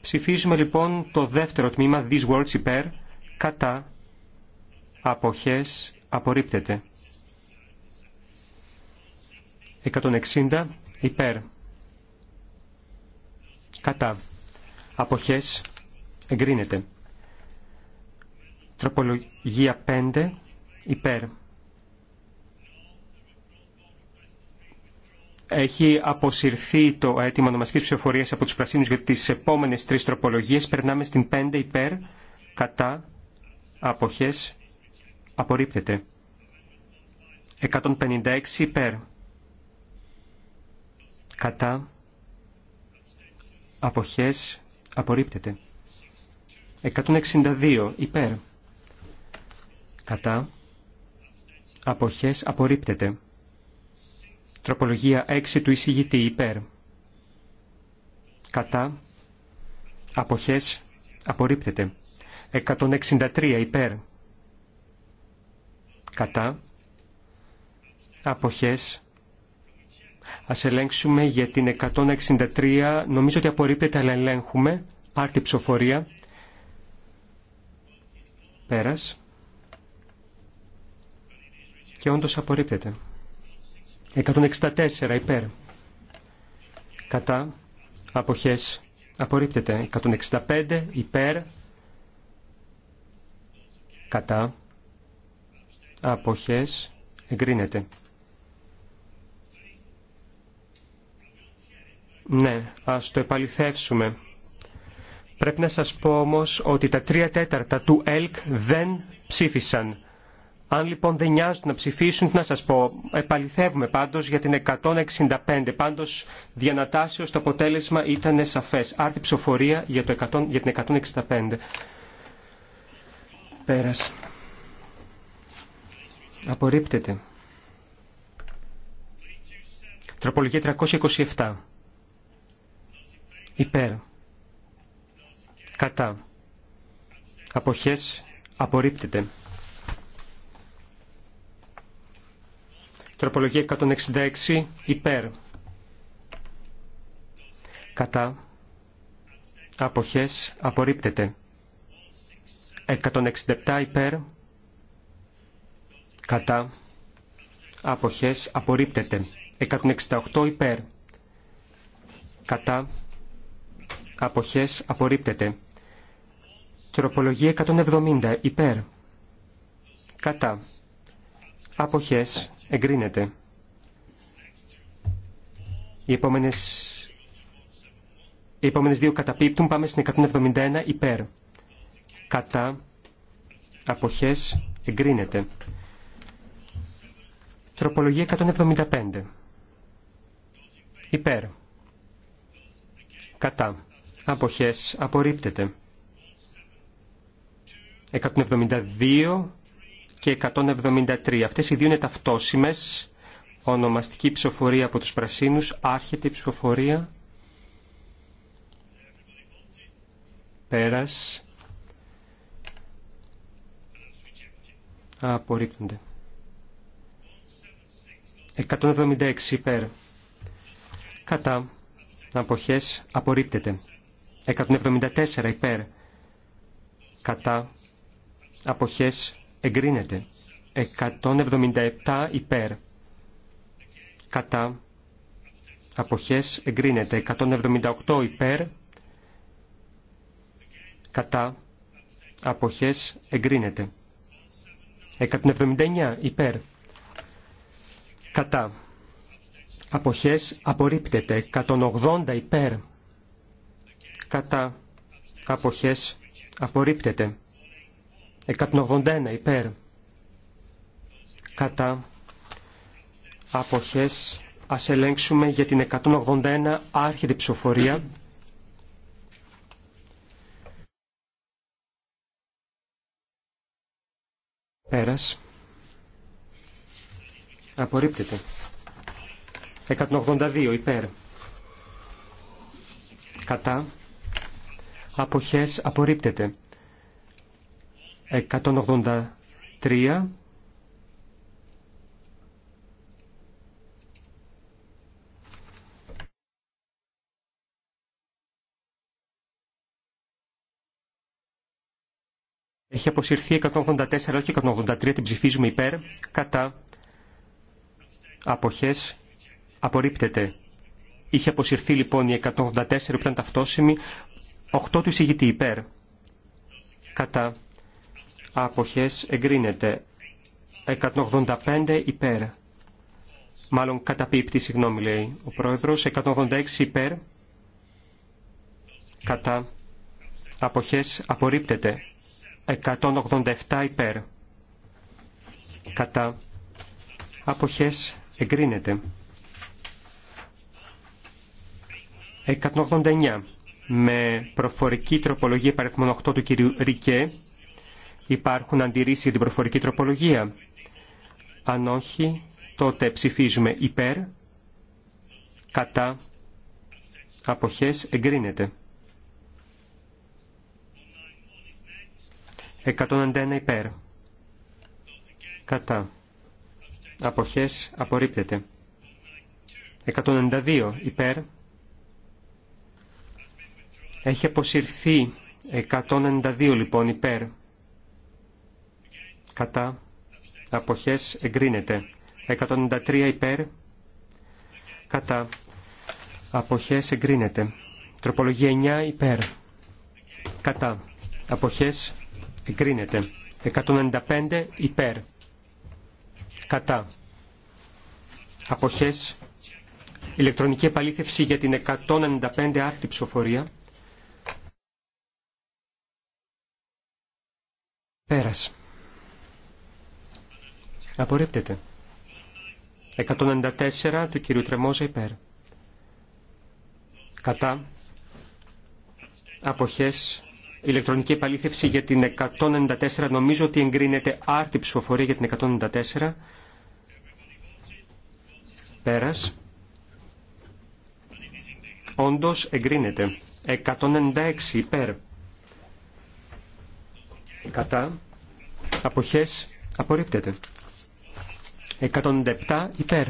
Ψηφίζουμε λοιπόν το δεύτερο τμήμα, These Words Υπέρ, κατά, αποχές, απορρίπτεται. 160 υπέρ. Κατά. Αποχές εγκρίνεται. Τροπολογία 5 υπέρ. Έχει αποσυρθεί το αίτημα ονομαστικής ψηφοφορίας από τους πρασίνους για τις επόμενες τρεις τροπολογίες. Περνάμε στην 5 υπέρ, κατά, αποχές, απορρίπτεται. 156 υπέρ, κατά αποχές απορρίπτεται 162 υπέρ κατά αποχές απορρίπτεται τροπολογία 6 του εισηγητή υπέρ κατά αποχές απορρίπτεται 163 υπέρ κατά αποχές Α ελέγξουμε για την 163. Νομίζω ότι απορρίπτεται, αλλά ελέγχουμε. Άρτη ψωφορία, Πέρας. Και όντως απορρίπτεται. 164 υπέρ. Κατά. Αποχές. Απορρίπτεται. 165 υπέρ. Κατά. Αποχές. Εγκρίνεται. Ναι, ας το επαληθεύσουμε. Πρέπει να σας πω όμως ότι τα τρία τέταρτα του ΕΛΚ δεν ψήφισαν. Αν λοιπόν δεν νοιάζουν να ψηφίσουν, τι να σας πω, επαληθεύουμε πάντως για την 165. Πάντως διανατάσεως το αποτέλεσμα ήταν σαφές. Άρτη ψηφοφορία για, για την 165. Πέρας. Απορρίπτεται. Τροπολογία 327 υπέρ, κατά, αποχές, απορρίπτεται. Τροπολογία 166, υπέρ, κατά, αποχές, απορρίπτεται. 167 υπέρ, κατά, αποχές, απορρίπτεται. 168 υπέρ, κατά, αποχές απορρίπτεται. Τροπολογία 170 υπέρ. Κατά. Αποχές εγκρίνεται. Οι επόμενες, οι επόμενες δύο καταπίπτουν. Πάμε στην 171 υπέρ. Κατά. Αποχές εγκρίνεται. Τροπολογία 175. Υπέρ. Κατά αποχές απορρίπτεται. 172 και 173. Αυτές οι δύο είναι ταυτόσιμες. Ονομαστική ψηφοφορία από τους πρασίνους. Άρχεται η ψηφοφορία. Πέρας. Απορρίπτονται. 176 υπέρ. Κατά. Αποχές απορρίπτεται. 174 υπέρ κατά αποχές εγκρίνεται 177 υπέρ κατά αποχές εγκρίνεται 178 υπέρ κατά αποχές εγκρίνεται 179 υπέρ κατά αποχές απορρίπτεται 180 υπέρ κατά αποχές απορρίπτεται 181 υπέρ κατά αποχές ας ελέγξουμε για την 181 άρχιδη ψηφοφορία πέρας απορρίπτεται 182 υπέρ κατά αποχές απορρίπτεται. 183 Έχει αποσυρθεί 184, όχι 183, την ψηφίζουμε υπέρ, κατά, αποχές, απορρίπτεται. Είχε αποσυρθεί λοιπόν η 184 που ήταν ταυτόσημη, 8 του συγητή υπέρ. Κατά. Άποχες εγκρίνεται. 185 υπέρ. Μάλλον καταπίπτει, συγγνώμη λέει ο πρόεδρος. 186 υπέρ. Κατά. Αποχές απορρίπτεται. 187 υπέρ. Κατά. Αποχές εγκρίνεται. 189 με προφορική τροπολογία παριθμών 8 του κυρίου Ρικέ. Υπάρχουν αντιρρήσει για την προφορική τροπολογία. Αν όχι, τότε ψηφίζουμε υπέρ, κατά, αποχές, εγκρίνεται. 191 υπέρ, κατά, αποχές, απορρίπτεται. 192 υπέρ, έχει αποσυρθεί 192 λοιπόν υπέρ. Κατά. Αποχές εγκρίνεται. 193 υπέρ. Κατά. Αποχές εγκρίνεται. Τροπολογία 9 υπέρ. Κατά. Αποχές εγκρίνεται. 195 υπέρ. Κατά. Αποχές. Ηλεκτρονική επαλήθευση για την 195 άρτη ψηφοφορία. Πέρας. Απορρίπτεται. 194 του κυρίου Τρεμόζα υπέρ. Κατά. Αποχές. Ηλεκτρονική επαλήθευση για την 194. Νομίζω ότι εγκρίνεται άρτη ψηφοφορία για την 194. Πέρας. Όντως εγκρίνεται. 196 υπέρ κατά αποχές απορρίπτεται 107 υπέρ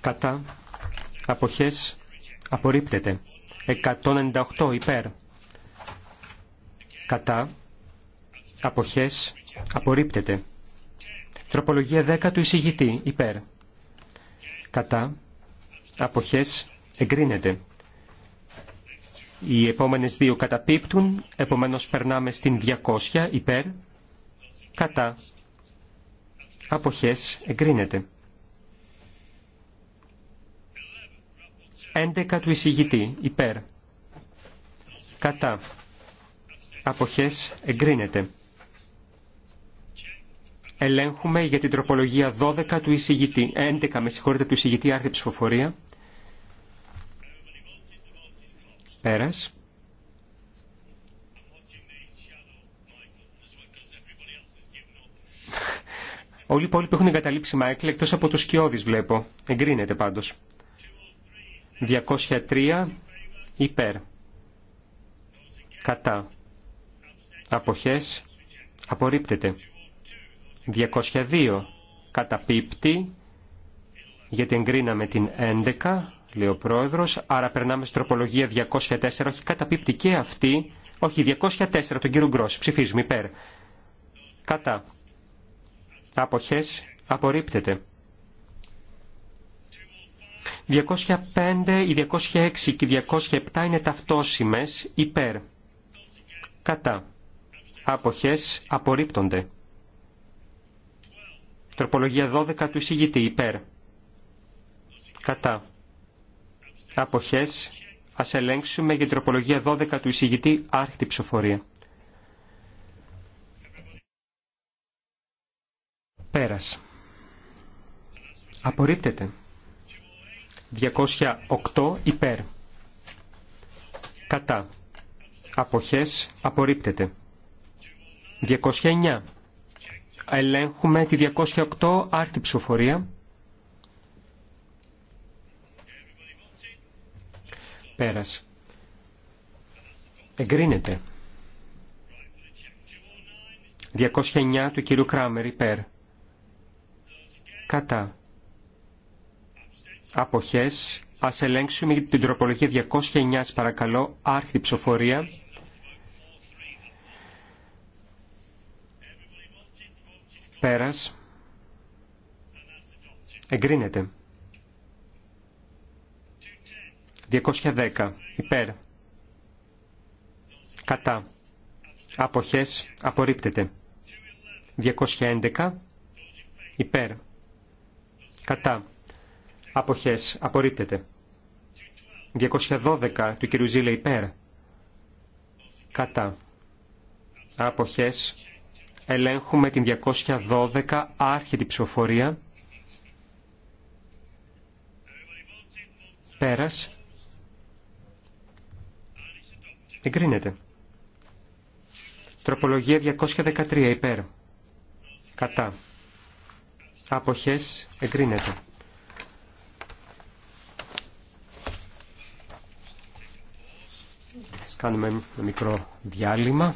κατά αποχές απορρίπτεται 198 υπέρ κατά αποχές απορρίπτεται τροπολογία 10 του εισηγητή υπέρ κατά αποχές εγκρίνεται οι επόμενες δύο καταπίπτουν, επομένως περνάμε στην 200 υπέρ, κατά, αποχές εγκρίνεται. 11 του εισηγητή υπέρ, κατά, αποχές εγκρίνεται. Ελέγχουμε για την τροπολογία 12 του εισηγητή, 11 με συγχωρείτε του εισηγητή άρχη ψηφοφορία. Πέρας. Όλοι οι υπόλοιποι έχουν εγκαταλείψει Μάικλ, εκτός από τους σκιώδης βλέπω. Εγκρίνεται πάντως. 203 υπέρ. Κατά. Αποχές. Απορρίπτεται. 202 καταπίπτει, γιατί εγκρίναμε την 11 λέει ο πρόεδρο. Άρα περνάμε στην τροπολογία 204, όχι καταπίπτει και αυτή. Όχι, 204, τον κύριο Γκρός. Ψηφίζουμε υπέρ. Κατά. Αποχές. Απορρίπτεται. 205, η 206 και η 207 είναι ταυτόσιμες υπέρ. Κατά. Αποχές απορρίπτονται. Τροπολογία 12 του εισηγητή υπέρ. Κατά αποχές, ας ελέγξουμε για την τροπολογία 12 του εισηγητή άρχιτη ψηφοφορία. Πέρας. Απορρίπτεται. 208 υπέρ. Κατά. Αποχές απορρίπτεται. 209. Ελέγχουμε τη 208 άρτη ψηφοφορία. Πέρας. Εγκρίνεται. 209 του κυρίου Κράμερ υπέρ. Κατά. Αποχές. Ας ελέγξουμε την τροπολογία 209 παρακαλώ. Άρχιτη ψηφοφορία. Πέρας. Εγκρίνεται. 210 υπέρ. Κατά. Αποχές απορρίπτεται. 211 υπέρ. Κατά. Αποχές απορρίπτεται. 212 του κυρίου Ζήλε υπέρ. Κατά. Αποχές. Ελέγχουμε την 212 άρχιτη ψηφοφορία. Πέρας. Εγκρίνεται. Τροπολογία 213 υπέρ. Κατά. Αποχές εγκρίνεται. Ας κάνουμε ένα μικρό διάλειμμα.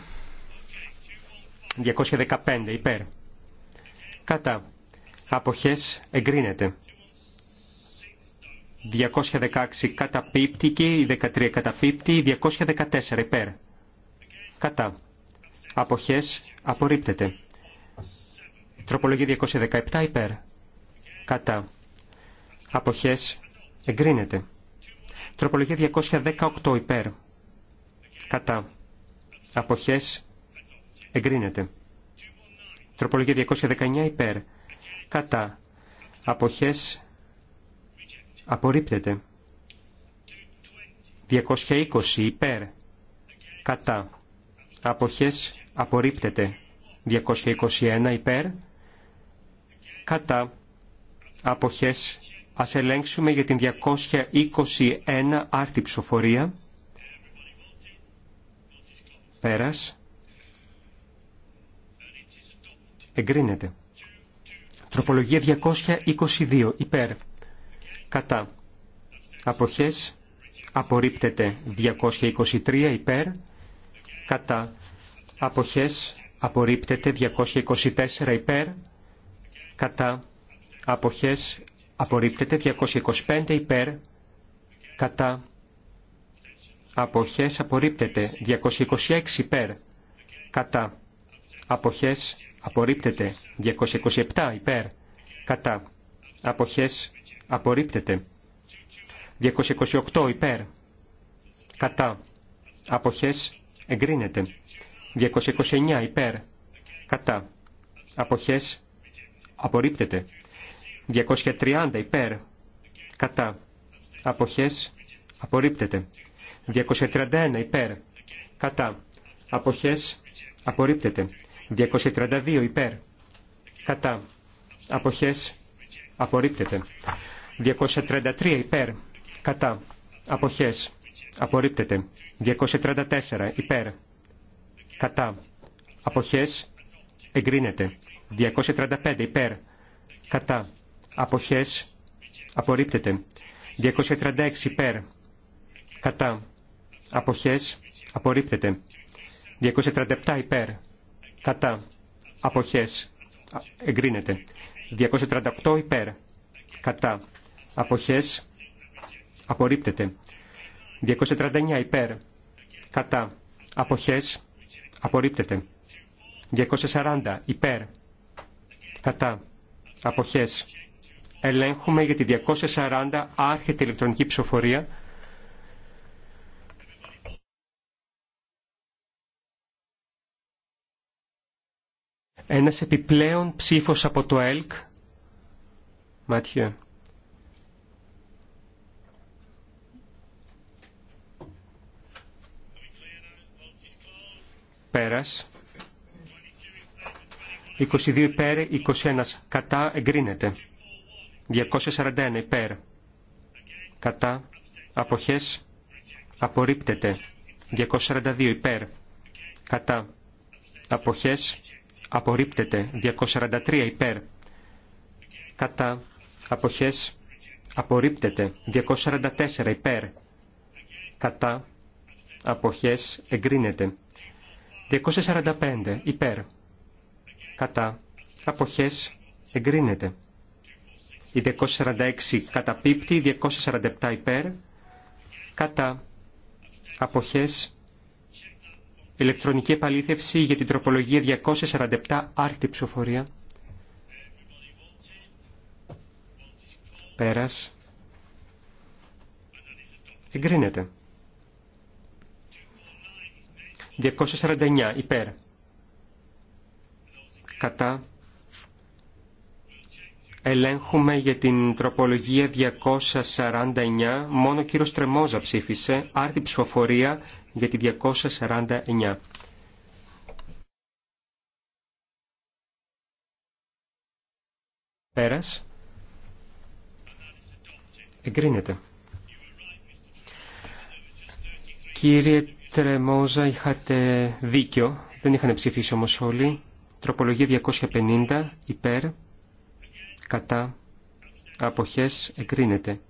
215 υπέρ. Κατά. Αποχές εγκρίνεται. 216 και η 13 καταπίπτει, η 214 υπέρ. Κατά. Αποχές απορρίπτεται. Τροπολογία 217 υπέρ. Κατά. Αποχές εγκρίνεται. Τροπολογία 218 υπέρ. Κατά. Αποχές εγκρίνεται. Τροπολογία 219 υπέρ. Κατά. Αποχές Απορρίπτεται. 220 υπέρ. Κατά. Αποχές. Απορρίπτεται. 221 υπέρ. Κατά. Αποχές. Ας ελέγξουμε για την 221 άρτη ψηφοφορία. Πέρας. Εγκρίνεται. Τροπολογία 222 υπέρ κατά αποχές απορρίπτεται 223 υπέρ κατά αποχές απορρίπτεται 224 υπέρ κατά αποχές απορρίπτεται 225 υπέρ κατά αποχές απορρίπτεται 226 υπέρ κατά αποχές απορρίπτεται 227 υπέρ κατά αποχές Απορρίπτεται. 228 υπέρ. Κατά. Αποχές. Εγκρίνεται. 229 υπέρ. Κατά. Αποχές. Απορρίπτεται. 230 υπέρ. Κατά. Αποχές. Απορρίπτεται. 231 υπέρ. Κατά. Αποχές. Απορρίπτεται. 232 υπέρ. Κατά. Αποχές. Απορρίπτεται. 233 υπέρ. Κατά. Αποχές. Απορρίπτεται. 234 υπέρ. Κατά. Αποχές. Εγκρίνεται. 235 υπέρ. Κατά. Αποχές. Απορρίπτεται. 236 υπέρ. Κατά. Αποχές. Απορρίπτεται. 237 υπέρ. Κατά. Αποχές. Εγκρίνεται. 238 υπέρ. Κατά αποχές απορρίπτεται. 239. υπέρ κατά αποχές απορρίπτεται. 240 υπέρ κατά αποχές ελέγχουμε για τη 240 άρχεται ηλεκτρονική ψηφοφορία. Ένας επιπλέον ψήφος από το ΕΛΚ. Ματιέ. Πέρας. 22 υπέρ, 21 κατά, εγκρίνεται. 241 υπέρ, κατά, αποχές, απορρίπτεται. 242 υπέρ, κατά, αποχές, απορρίπτεται. 243 υπέρ, κατά, αποχές, απορρίπτεται. 244 υπέρ, κατά, αποχές, εγκρίνεται. 245 υπέρ. Κατά. Αποχές εγκρίνεται. Η 246 καταπίπτει, η 247 υπέρ. Κατά. Αποχές. Ηλεκτρονική επαλήθευση για την τροπολογία 247 άρτη ψηφοφορία. Πέρας. Εγκρίνεται. 249 υπέρ. Κατά. Ελέγχουμε για την τροπολογία 249. Μόνο ο κύριος Τρεμόζα ψήφισε. Άρτη ψηφοφορία για τη 249. Πέρας. Εγκρίνεται. Κύριε Τρεμόζα είχατε δίκιο, δεν είχαν ψηφίσει όμως όλοι. Τροπολογία 250 υπέρ, κατά, αποχές εγκρίνεται.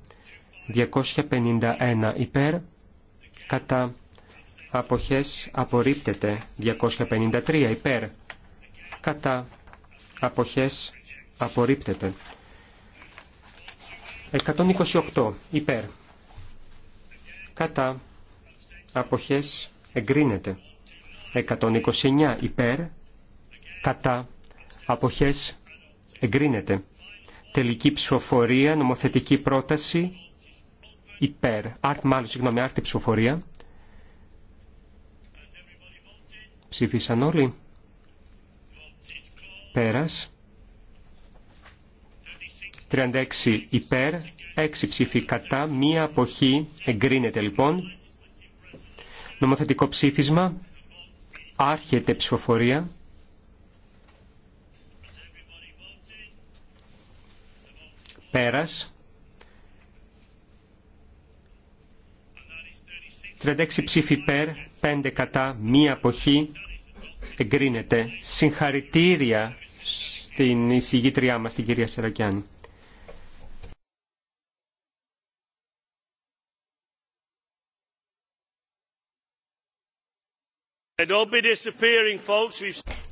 251 υπέρ, κατά, αποχές απορρίπτεται. 253 υπέρ, κατά, αποχές απορρίπτεται. 128 υπέρ, κατά, αποχές εγκρίνεται. 129 υπέρ, κατά, αποχές εγκρίνεται. Τελική ψηφοφορία, νομοθετική πρόταση υπέρ, άρτη μάλλον συγγνώμη, άρτη ψηφοφορία. Ψήφισαν όλοι. Πέρας. 36 υπέρ, 6 ψηφί κατά, μία αποχή εγκρίνεται λοιπόν νομοθετικό ψήφισμα. Άρχεται ψηφοφορία. Πέρας. 36 ψήφοι πέρ, 5 κατά, μία αποχή. Εγκρίνεται. Συγχαρητήρια στην εισηγήτριά μας, την κυρία Σερακιάνη.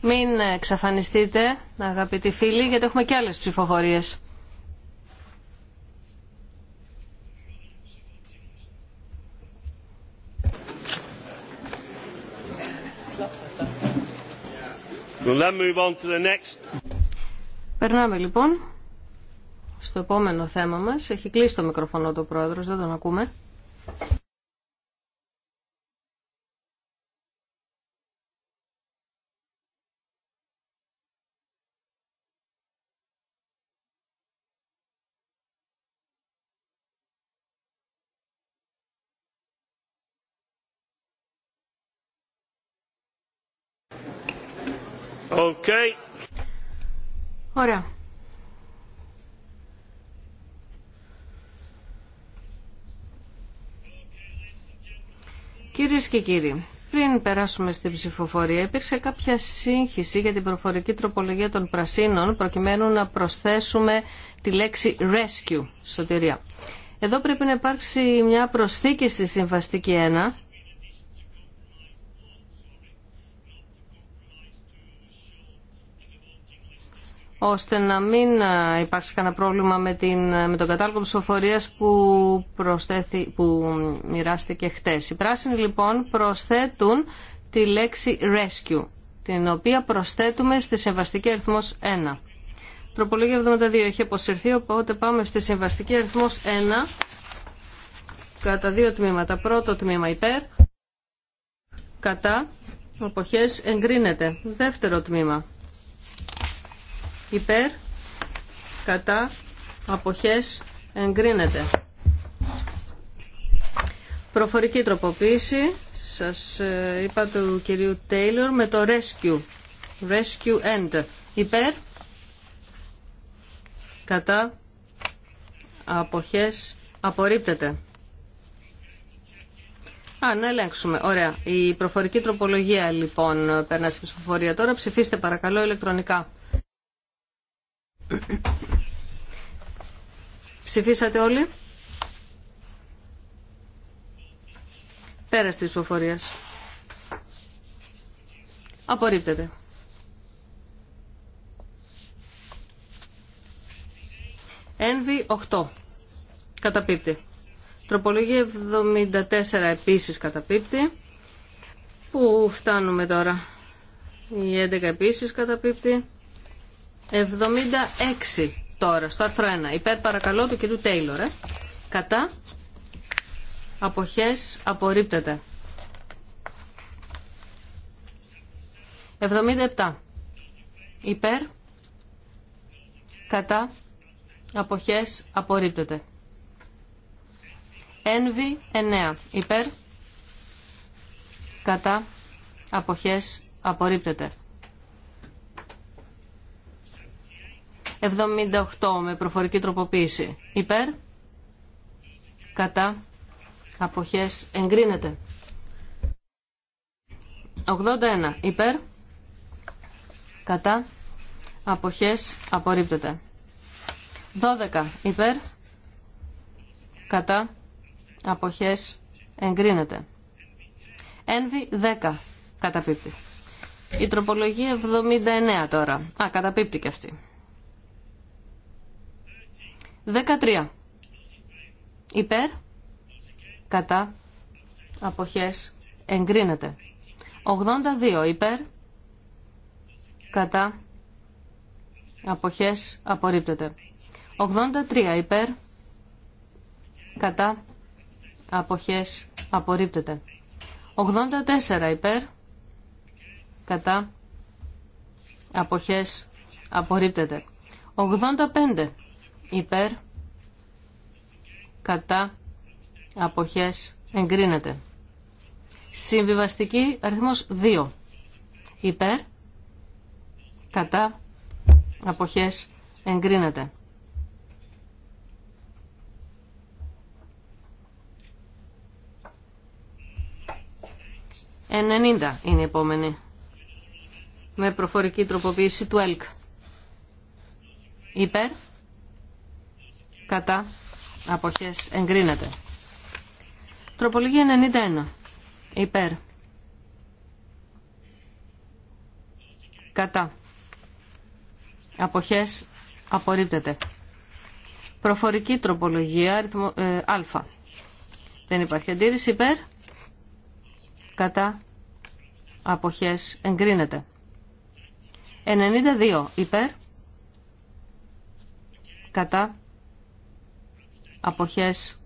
Μην εξαφανιστείτε, αγαπητοί φίλοι, γιατί έχουμε και άλλες ψηφοφορίες. Περνάμε λοιπόν στο επόμενο θέμα μας. Έχει κλείσει το μικροφωνό το πρόεδρος, δεν τον ακούμε. Ωραία. Κυρίες και κύριοι, πριν περάσουμε στην ψηφοφορία, υπήρξε κάποια σύγχυση για την προφορική τροπολογία των πρασίνων, προκειμένου να προσθέσουμε τη λέξη rescue, σωτηρία. Εδώ πρέπει να υπάρξει μια προσθήκη στη συμβαστική 1, ώστε να μην ε, υπάρξει κανένα πρόβλημα με, την, ε, με τον κατάλογο ψηφοφορία που, που μοιράστηκε χτες. Οι πράσινοι λοιπόν προσθέτουν τη λέξη rescue, την οποία προσθέτουμε στη συμβαστική αριθμό 1. Τροπολογία 72 έχει αποσυρθεί, οπότε πάμε στη συμβαστική αριθμό 1 κατά δύο τμήματα. Πρώτο τμήμα υπέρ, κατά, «οποχές εγκρίνεται. Δεύτερο τμήμα υπέρ, κατά, αποχές, εγκρίνεται. Προφορική τροποποίηση, σας ε, είπα του κυρίου Τέιλορ, με το rescue, rescue end, υπέρ, κατά, αποχές, απορρίπτεται. Α, να ελέγξουμε. Ωραία. Η προφορική τροπολογία λοιπόν περνά στην ψηφοφορία τώρα. Ψηφίστε παρακαλώ ηλεκτρονικά. Ψηφίσατε όλοι. Πέρας της ψηφοφορίας. Απορρίπτεται. 8. Καταπίπτει. Τροπολογία 74 επίσης καταπίπτει. Πού φτάνουμε τώρα. Η 11 επίσης καταπίπτει. 76 τώρα, στο άρθρο 1. Υπέρ παρακαλώ του κυρίου Τέιλορ. Ε. Κατά. Αποχές απορρίπτεται. 77. Υπέρ. Κατά. Αποχές απορρίπτεται. Ένβι 9. Υπέρ. Κατά. Αποχές απορρίπτεται. 78 με προφορική τροποποίηση. Υπέρ. Κατά. Αποχές εγκρίνεται. 81. Υπέρ. Κατά. Αποχές απορρίπτεται. 12. Υπέρ. Κατά. Αποχές εγκρίνεται. Ένβη 10. Καταπίπτει. Η τροπολογία 79 τώρα. Α, καταπίπτει και αυτή. 13. Υπέρ, κατά, αποχές, εγκρίνεται. 82. Υπέρ, κατά, αποχές, απορρίπτεται. 83. Υπέρ, κατά, αποχές, απορρίπτεται. 84. Υπέρ, κατά, αποχές, απορρίπτεται. 85 υπέρ, κατά, αποχές, εγκρίνεται. Συμβιβαστική αριθμός 2. Υπέρ, κατά, αποχές, εγκρίνεται. Ενενήντα είναι η επόμενη. Με προφορική τροποποίηση του ΕΛΚ. Υπέρ κατά αποχές εγκρίνεται. Τροπολογία 91. Υπέρ. Κατά. Αποχές απορρίπτεται. Προφορική τροπολογία ε, α. Δεν υπάρχει αντίρρηση υπέρ. Κατά. Αποχές εγκρίνεται. 92 υπέρ. Κατά αποχές.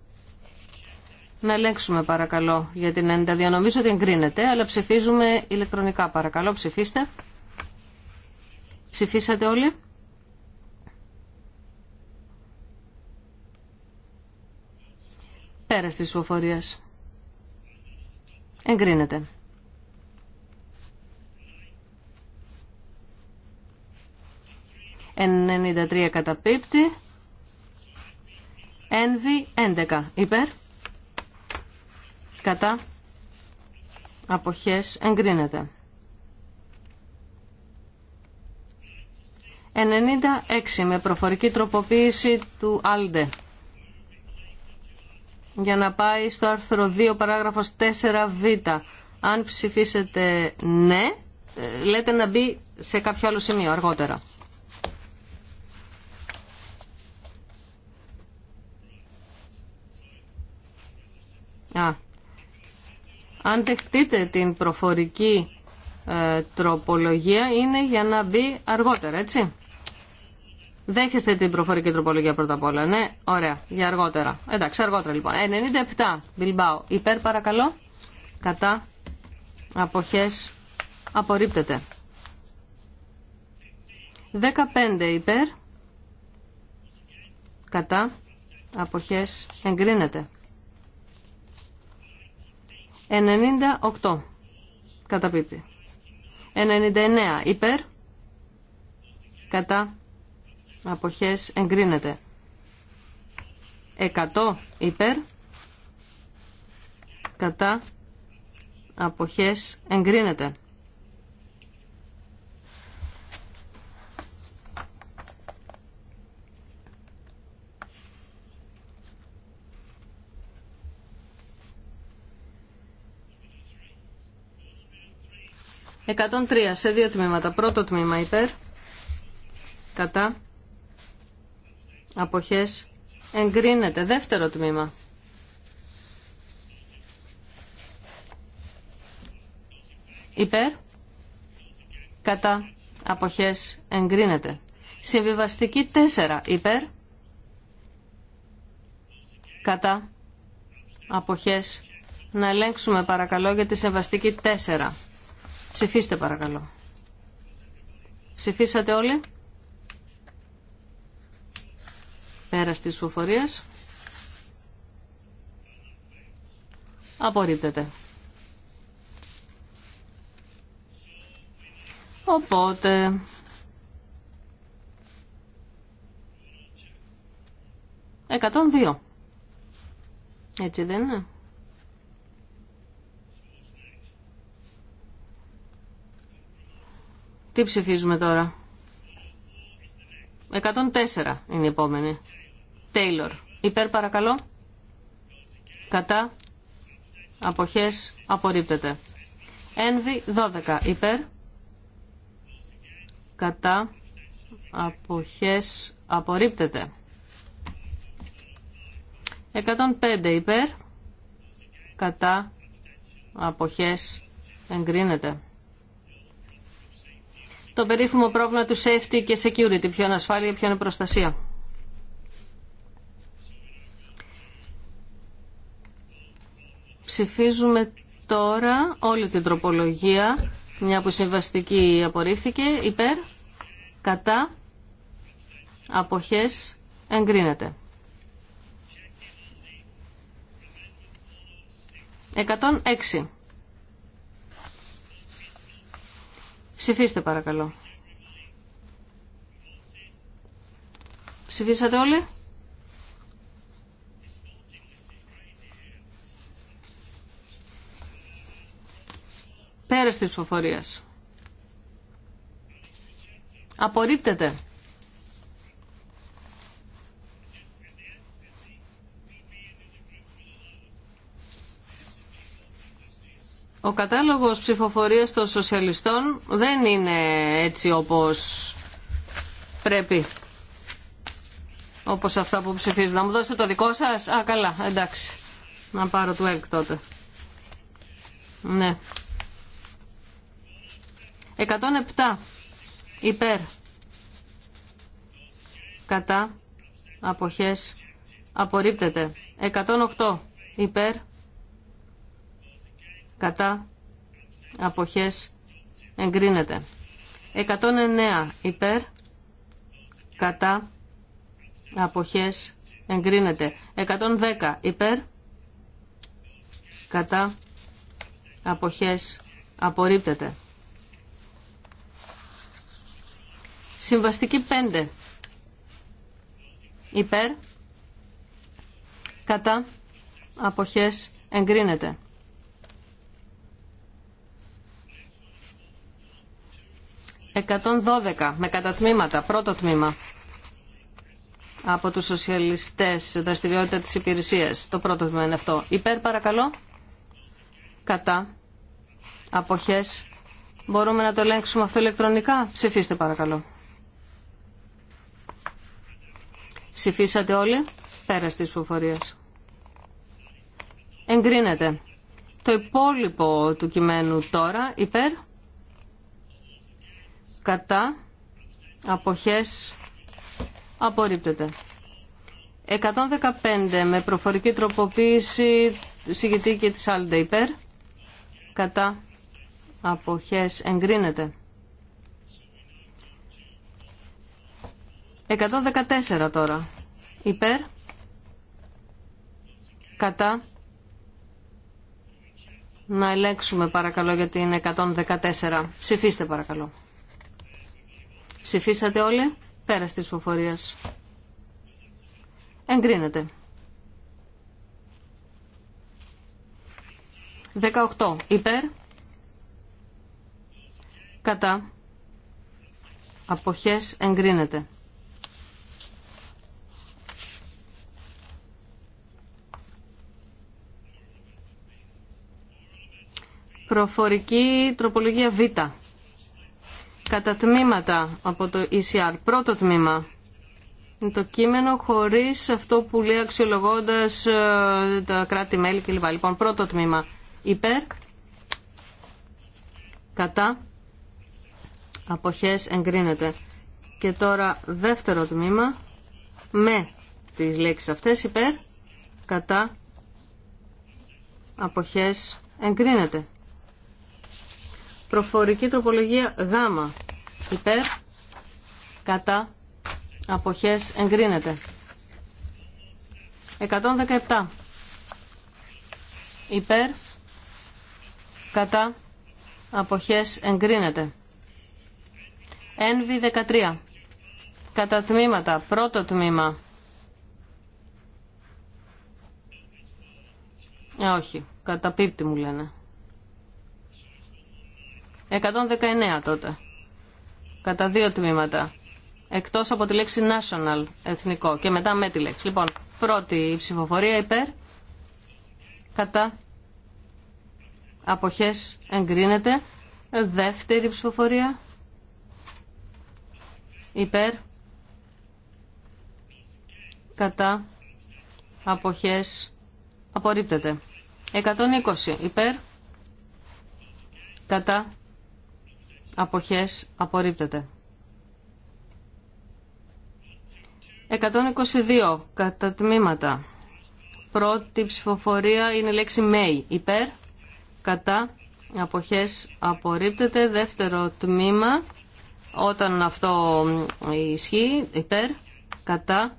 Να ελέγξουμε παρακαλώ για την 92. Νομίζω ότι εγκρίνεται, αλλά ψηφίζουμε ηλεκτρονικά παρακαλώ. Ψηφίστε. Ψηφίσατε όλοι. Πέρας της ψηφοφορίας. Εγκρίνεται. 93 καταπίπτει. NV11 υπέρ κατά αποχές εγκρίνεται 96 με προφορική τροποποίηση του ΑΛΔΕ. για να πάει στο άρθρο 2 παράγραφος 4β αν ψηφίσετε ναι ε, λέτε να μπει σε κάποιο άλλο σημείο αργότερα αν δεχτείτε την προφορική ε, τροπολογία είναι για να μπει αργότερα, έτσι. Δέχεστε την προφορική τροπολογία πρώτα απ' όλα, ναι. Ωραία, για αργότερα. Εντάξει, αργότερα λοιπόν. 97, Bilbao. Υπέρ παρακαλώ. Κατά. Αποχές. Απορρίπτεται. 15 υπέρ. Κατά. Αποχές. Εγκρίνεται. 98 κατά πίπτη, 99 υπέρ κατά αποχές εγκρίνεται. 100 υπέρ κατά αποχές εγκρίνεται. 103 σε δύο τμήματα. Πρώτο τμήμα υπέρ, κατά, αποχές, εγκρίνεται. Δεύτερο τμήμα. Υπέρ, κατά, αποχές, εγκρίνεται. Συμβιβαστική 4 υπέρ, κατά, αποχές, να ελέγξουμε παρακαλώ για τη συμβαστική 4. Ψηφίστε παρακαλώ. Ψηφίσατε όλοι. Πέρα στις ψηφοφορίες. Απορρίπτεται. Οπότε... Εκατόν δύο. Έτσι δεν είναι. Τι ψηφίζουμε τώρα. 104 είναι η επόμενη. Τέιλορ. Υπέρ παρακαλώ. Κατά. Αποχές. Απορρίπτεται. Ενβι, 12. Υπέρ. Κατά. Αποχές. Απορρίπτεται. 105 υπέρ. Κατά. Αποχές. Εγκρίνεται το περίφημο πρόβλημα του safety και security, ποιο είναι ασφάλεια, ποιο είναι προστασία. Ψηφίζουμε τώρα όλη την τροπολογία, μια που συμβαστική απορρίφθηκε, υπέρ, κατά, αποχές, εγκρίνεται. 106. Ψηφίστε παρακαλώ. Ψηφίσατε όλοι. Πέρας της ψηφοφορίας. Απορρίπτεται. Ο κατάλογος ψηφοφορίας των σοσιαλιστών δεν είναι έτσι όπως πρέπει. Όπως αυτά που ψηφίζουν. Να μου δώσετε το δικό σας. Α, καλά, εντάξει. Να πάρω του ΕΚ τότε. Ναι. 107. Υπέρ. Κατά. Αποχές. Απορρίπτεται. 108. Υπέρ κατά αποχές εγκρίνεται. 109 υπέρ κατά αποχές εγκρίνεται. 110 υπέρ κατά αποχές απορρίπτεται. Συμβαστική 5 υπέρ κατά αποχές εγκρίνεται. 112 με κατατμήματα, πρώτο τμήμα από τους σοσιαλιστές, δραστηριότητα της υπηρεσίας. Το πρώτο τμήμα είναι αυτό. Υπέρ παρακαλώ. Κατά. Αποχές. Μπορούμε να το ελέγξουμε αυτό ηλεκτρονικά. Ψηφίστε παρακαλώ. Ψηφίσατε όλοι. Πέρας της υποφορίας. Εγκρίνεται. Το υπόλοιπο του κειμένου τώρα υπέρ κατά, αποχές, απορρίπτεται. 115 με προφορική τροποποίηση συγκητή και της Άλλη ιπέρ. Κατά από χέρε ενγκρίνεται. 114 τώρα υπέρ, κατά, αποχές, εγκρίνεται. 114 τώρα, υπέρ, κατά, να ελέγξουμε παρακαλώ γιατί είναι 114. Ψηφίστε παρακαλώ. Ψηφίσατε όλοι. Πέρα τη ψηφοφορία. Εγκρίνεται. 18. Υπέρ. Κατά. Αποχές εγκρίνεται. Προφορική τροπολογία Β κατά τμήματα από το ECR. Πρώτο τμήμα το κείμενο χωρίς αυτό που λέει αξιολογώντας ε, τα κράτη-μέλη κλπ. Λοιπόν, πρώτο τμήμα υπέρ, κατά, αποχές εγκρίνεται. Και τώρα δεύτερο τμήμα με τις λέξεις αυτές υπέρ, κατά, αποχές εγκρίνεται. Προφορική τροπολογία γάμα Υπέρ. Κατά. Αποχές εγκρίνεται. 117. Υπέρ. Κατά. Αποχές εγκρίνεται. Ένβη 13. Κατά τμήματα. Πρώτο τμήμα. Ε, όχι. Κατά πίπτη μου λένε. 119 τότε κατά δύο τμήματα. Εκτός από τη λέξη national, εθνικό, και μετά με τη λέξη. Λοιπόν, πρώτη ψηφοφορία υπέρ, κατά, αποχές εγκρίνεται. Δεύτερη ψηφοφορία, υπέρ, κατά, αποχές απορρίπτεται. 120 υπέρ, κατά, Αποχές απορρίπτεται. 122 κατά τμήματα. Πρώτη ψηφοφορία είναι η λέξη May. Υπέρ, κατά, αποχές απορρίπτεται. Δεύτερο τμήμα, όταν αυτό ισχύει, υπέρ, κατά,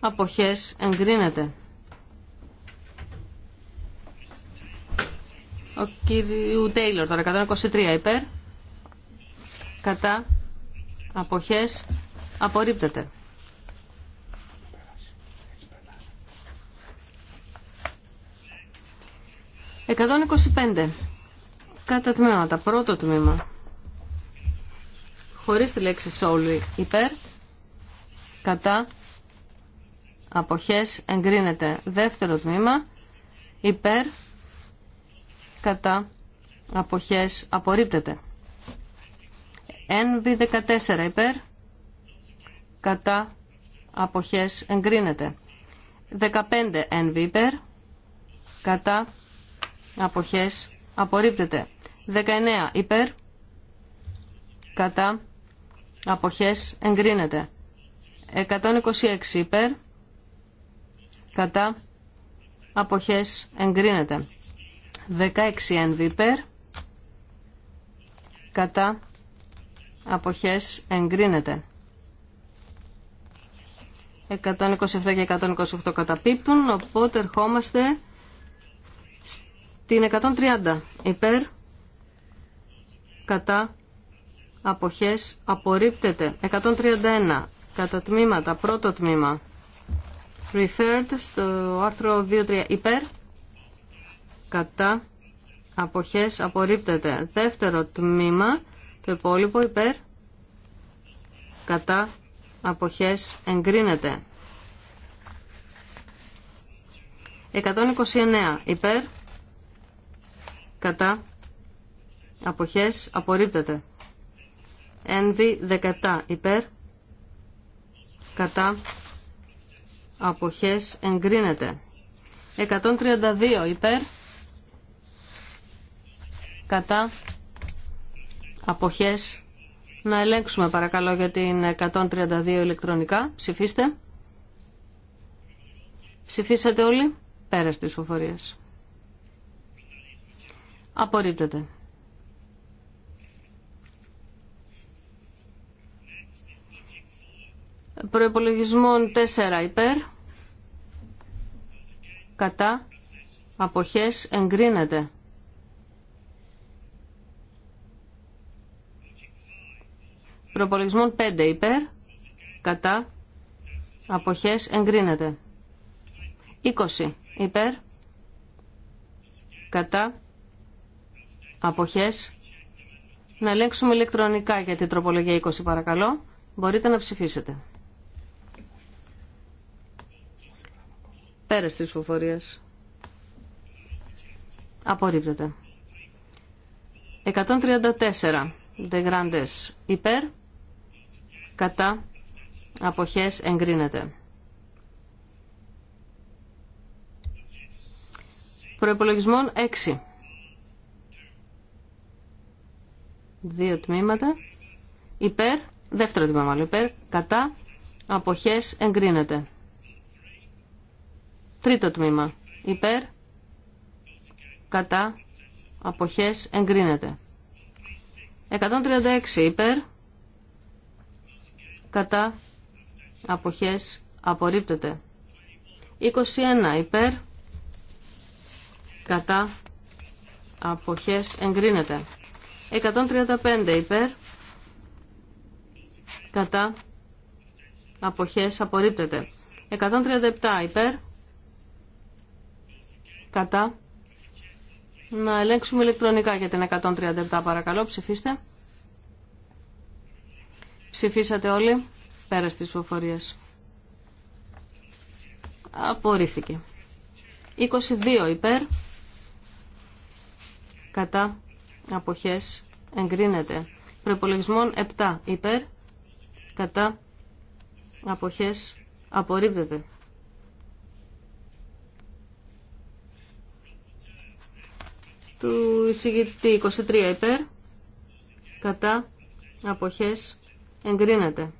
αποχές εγκρίνεται. Ο κύριου Τέιλορ τώρα, 123 υπέρ, κατά αποχές απορρίπτεται. Εκατόν Κατά τμήματα. Πρώτο τμήμα. Χωρίς τη λέξη solely. Υπέρ. Κατά. Αποχές. Εγκρίνεται. Δεύτερο τμήμα. Υπέρ. Κατά. Αποχές. Απορρίπτεται. Ενβι 14 υπέρ, κατά αποχές εγκρίνεται. 15 NB υπέρ, κατά αποχές απορρίπτεται. 19 υπέρ, κατά αποχές εγκρίνεται. 126 υπέρ, κατά αποχές εγκρίνεται. 16 NB υπέρ, κατά αποχές εγκρίνεται. 127 και 128 καταπίπτουν, οπότε ερχόμαστε στην 130 υπέρ κατά αποχές απορρίπτεται. 131 κατά τμήματα, πρώτο τμήμα. Referred στο άρθρο 23 υπέρ κατά αποχές απορρίπτεται. Δεύτερο τμήμα το υπόλοιπο υπέρ κατά αποχές εγκρίνεται. 129 υπέρ κατά αποχές απορρίπτεται. Ένδυ 17 υπέρ κατά αποχές εγκρίνεται. 132 υπέρ κατά αποχές να ελέγξουμε παρακαλώ για την 132 ηλεκτρονικά. Ψηφίστε. Ψηφίσατε όλοι. Πέρα τη ψηφοφορίας. Απορρίπτεται. Προϋπολογισμών 4 υπέρ. Κατά. Αποχές εγκρίνεται. Προπολογισμών 5 υπέρ, κατά, αποχές εγκρίνεται. 20 υπέρ, κατά, αποχές. Να ελέγξουμε ηλεκτρονικά για την τροπολογία 20 παρακαλώ. Μπορείτε να ψηφίσετε. Πέρας της φοφορίας. Απορρίπτεται. 134. De Grandes υπέρ κατά αποχές εγκρίνεται. Προϋπολογισμόν 6. Δύο τμήματα. Υπέρ, δεύτερο τμήμα μάλλον, υπέρ, κατά, αποχές εγκρίνεται. Τρίτο τμήμα. Υπέρ, κατά, αποχές εγκρίνεται. 136 υπέρ, κατά αποχές απορρίπτεται. 21 υπέρ κατά αποχές εγκρίνεται. 135 υπέρ κατά αποχές απορρίπτεται. 137 υπέρ κατά να ελέγξουμε ηλεκτρονικά για την 137 παρακαλώ ψηφίστε. Ψηφίσατε όλοι. Πέρα τη ψηφοφορία. Απορρίφθηκε. 22 υπέρ. Κατά. Αποχές. Εγκρίνεται. Προπολογισμών 7 υπέρ. Κατά. Αποχές. Απορρίπτεται. Του εισηγητή 23 υπέρ. Κατά. Αποχές Εγκρίνεται.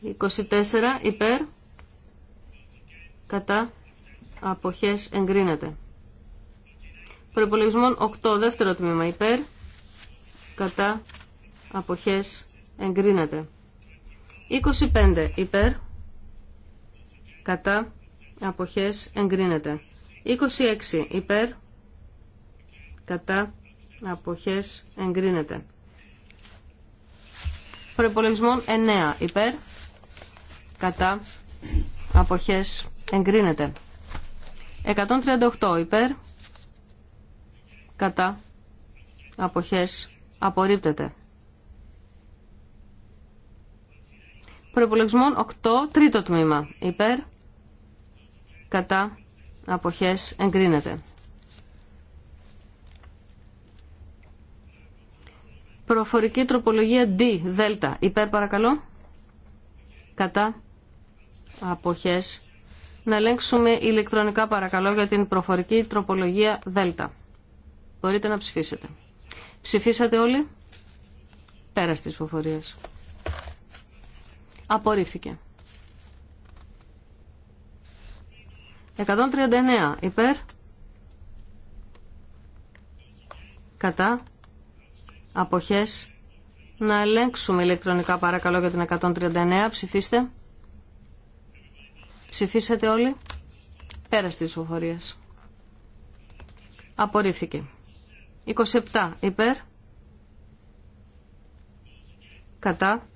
24 υπέρ. Κατά. Αποχές εγκρίνεται. Προπολογισμών 8 δεύτερο τμήμα υπέρ. Κατά. Αποχές εγκρίνεται. 25 υπέρ. Κατά. Αποχές εγκρίνεται. 26 υπέρ. Κατά αποχές εγκρίνεται. προπολογισμό 9 υπέρ, κατά, αποχές εγκρίνεται. 138 υπέρ, κατά, αποχές απορρίπτεται. Προπολογισμό 8 τρίτο τμήμα υπέρ, κατά, αποχές εγκρίνεται. Προφορική τροπολογία D, δέλτα. Υπέρ παρακαλώ. Κατά. Αποχές. Να ελέγξουμε ηλεκτρονικά παρακαλώ για την προφορική τροπολογία δέλτα. Μπορείτε να ψηφίσετε. Ψηφίσατε όλοι. Πέρα στις προφορίες. Απορρίφθηκε. 139 υπέρ. Κατά αποχές να ελέγξουμε ηλεκτρονικά παρακαλώ για την 139. Ψηφίστε. Ψηφίσατε όλοι. Πέρα τη ψηφοφορία. Απορρίφθηκε. 27 υπέρ. Κατά.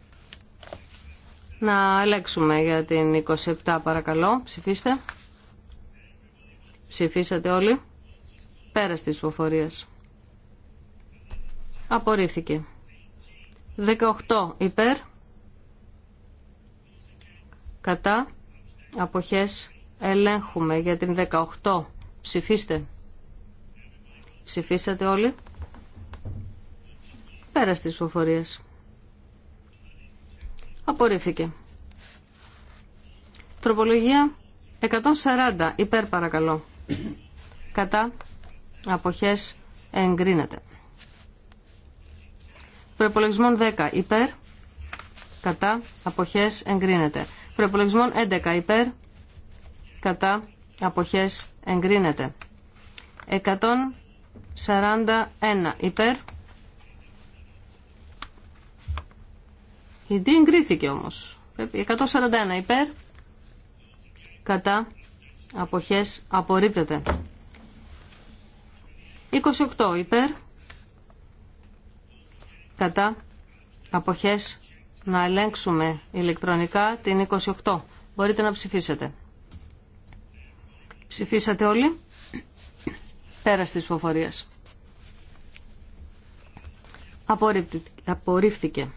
Να ελέγξουμε για την 27 παρακαλώ. Ψηφίστε. Ψηφίσατε όλοι. Πέρα τη ψηφοφορία. Απορρίφθηκε. 18 υπέρ. Κατά. Αποχές ελέγχουμε για την 18. Ψηφίστε. Ψηφίσατε όλοι. Πέρα στις φοφορία. Απορρίφθηκε. Τροπολογία 140 υπέρ παρακαλώ. Κατά. Αποχές εγκρίνεται. Προπολογισμών 10 υπέρ, κατά, αποχές εγκρίνεται. Προπολογισμών 11 υπέρ, κατά, αποχέ εγκρίνεται. 141 υπέρ. Η εγκρίθηκε όμως. 141 υπέρ, κατά, αποχές απορρίπτεται. 28 υπέρ, κατά αποχές να ελέγξουμε ηλεκτρονικά την 28. Μπορείτε να ψηφίσετε. Ψηφίσατε όλοι. Πέρας της ψηφοφορίας. Απορρίφθηκε.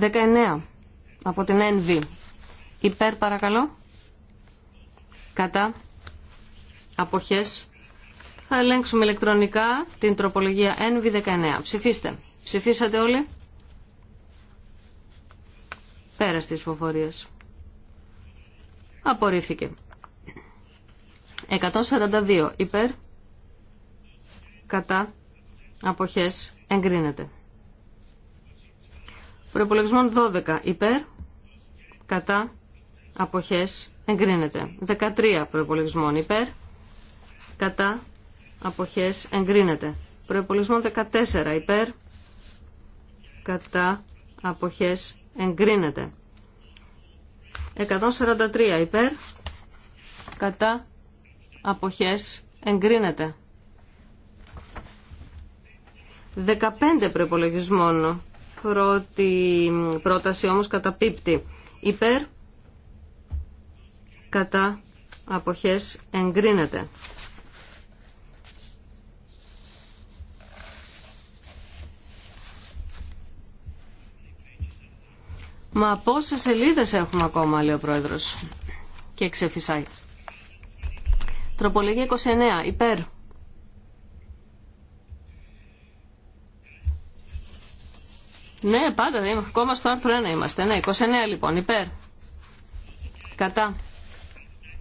19. Από την NV. Υπέρ παρακαλώ. Κατά. Αποχές θα ελέγξουμε ηλεκτρονικά την τροπολογία NV19. Ψηφίστε. Ψηφίσατε όλοι. Πέρα τη φοφορίες. Απορρίφθηκε. 142 υπέρ. Κατά. Αποχές. Εγκρίνεται. Προπολογισμών 12 υπέρ. Κατά. Αποχές. Εγκρίνεται. 13 προπολογισμών υπέρ. Κατά αποχές εγκρίνεται. Προϋπολογισμό 14 υπέρ, κατά, αποχές εγκρίνεται. 143 υπέρ, κατά, αποχές εγκρίνεται. 15 προπολογισμών. Πρώτη πρόταση όμως καταπίπτει. Υπέρ, κατά, αποχές εγκρίνεται. Μα πόσες σελίδες έχουμε ακόμα, λέει ο πρόεδρος. Και ξεφυσάει. Τροπολογία 29. Υπέρ. Ναι, πάντα Ακόμα στο άρθρο 1 είμαστε. Ναι, 29 λοιπόν. Υπέρ. Κατά.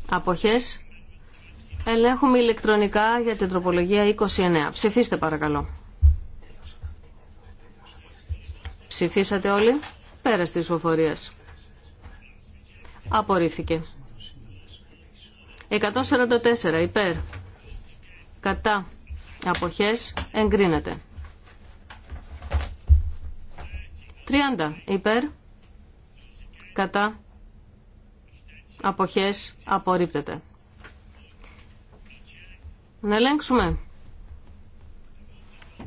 Αποχές. Ελέγχουμε ηλεκτρονικά για την τροπολογία 29. Ψηφίστε παρακαλώ. Ψηφίσατε όλοι. Πέρας της φοφορίας. Απορρίφθηκε. 144 υπέρ. Κατά. Αποχές εγκρίνεται. 30 υπέρ. Κατά. Αποχές απορρίπτεται. Να ελέγξουμε.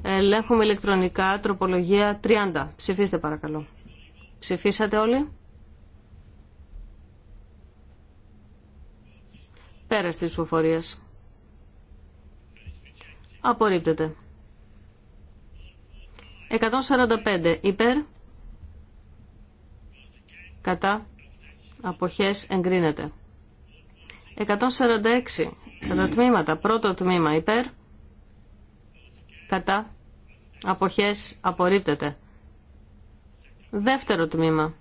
Ελέγχουμε ηλεκτρονικά τροπολογία 30. Ψηφίστε παρακαλώ. Ψηφίσατε όλοι. Πέρα της ψηφοφορίας. Απορρίπτεται. 145 υπέρ. Κατά. Αποχές εγκρίνεται. 146 κατά τμήματα. Πρώτο τμήμα υπέρ. Κατά. Αποχές απορρίπτεται. Δεύτερο τμήμα.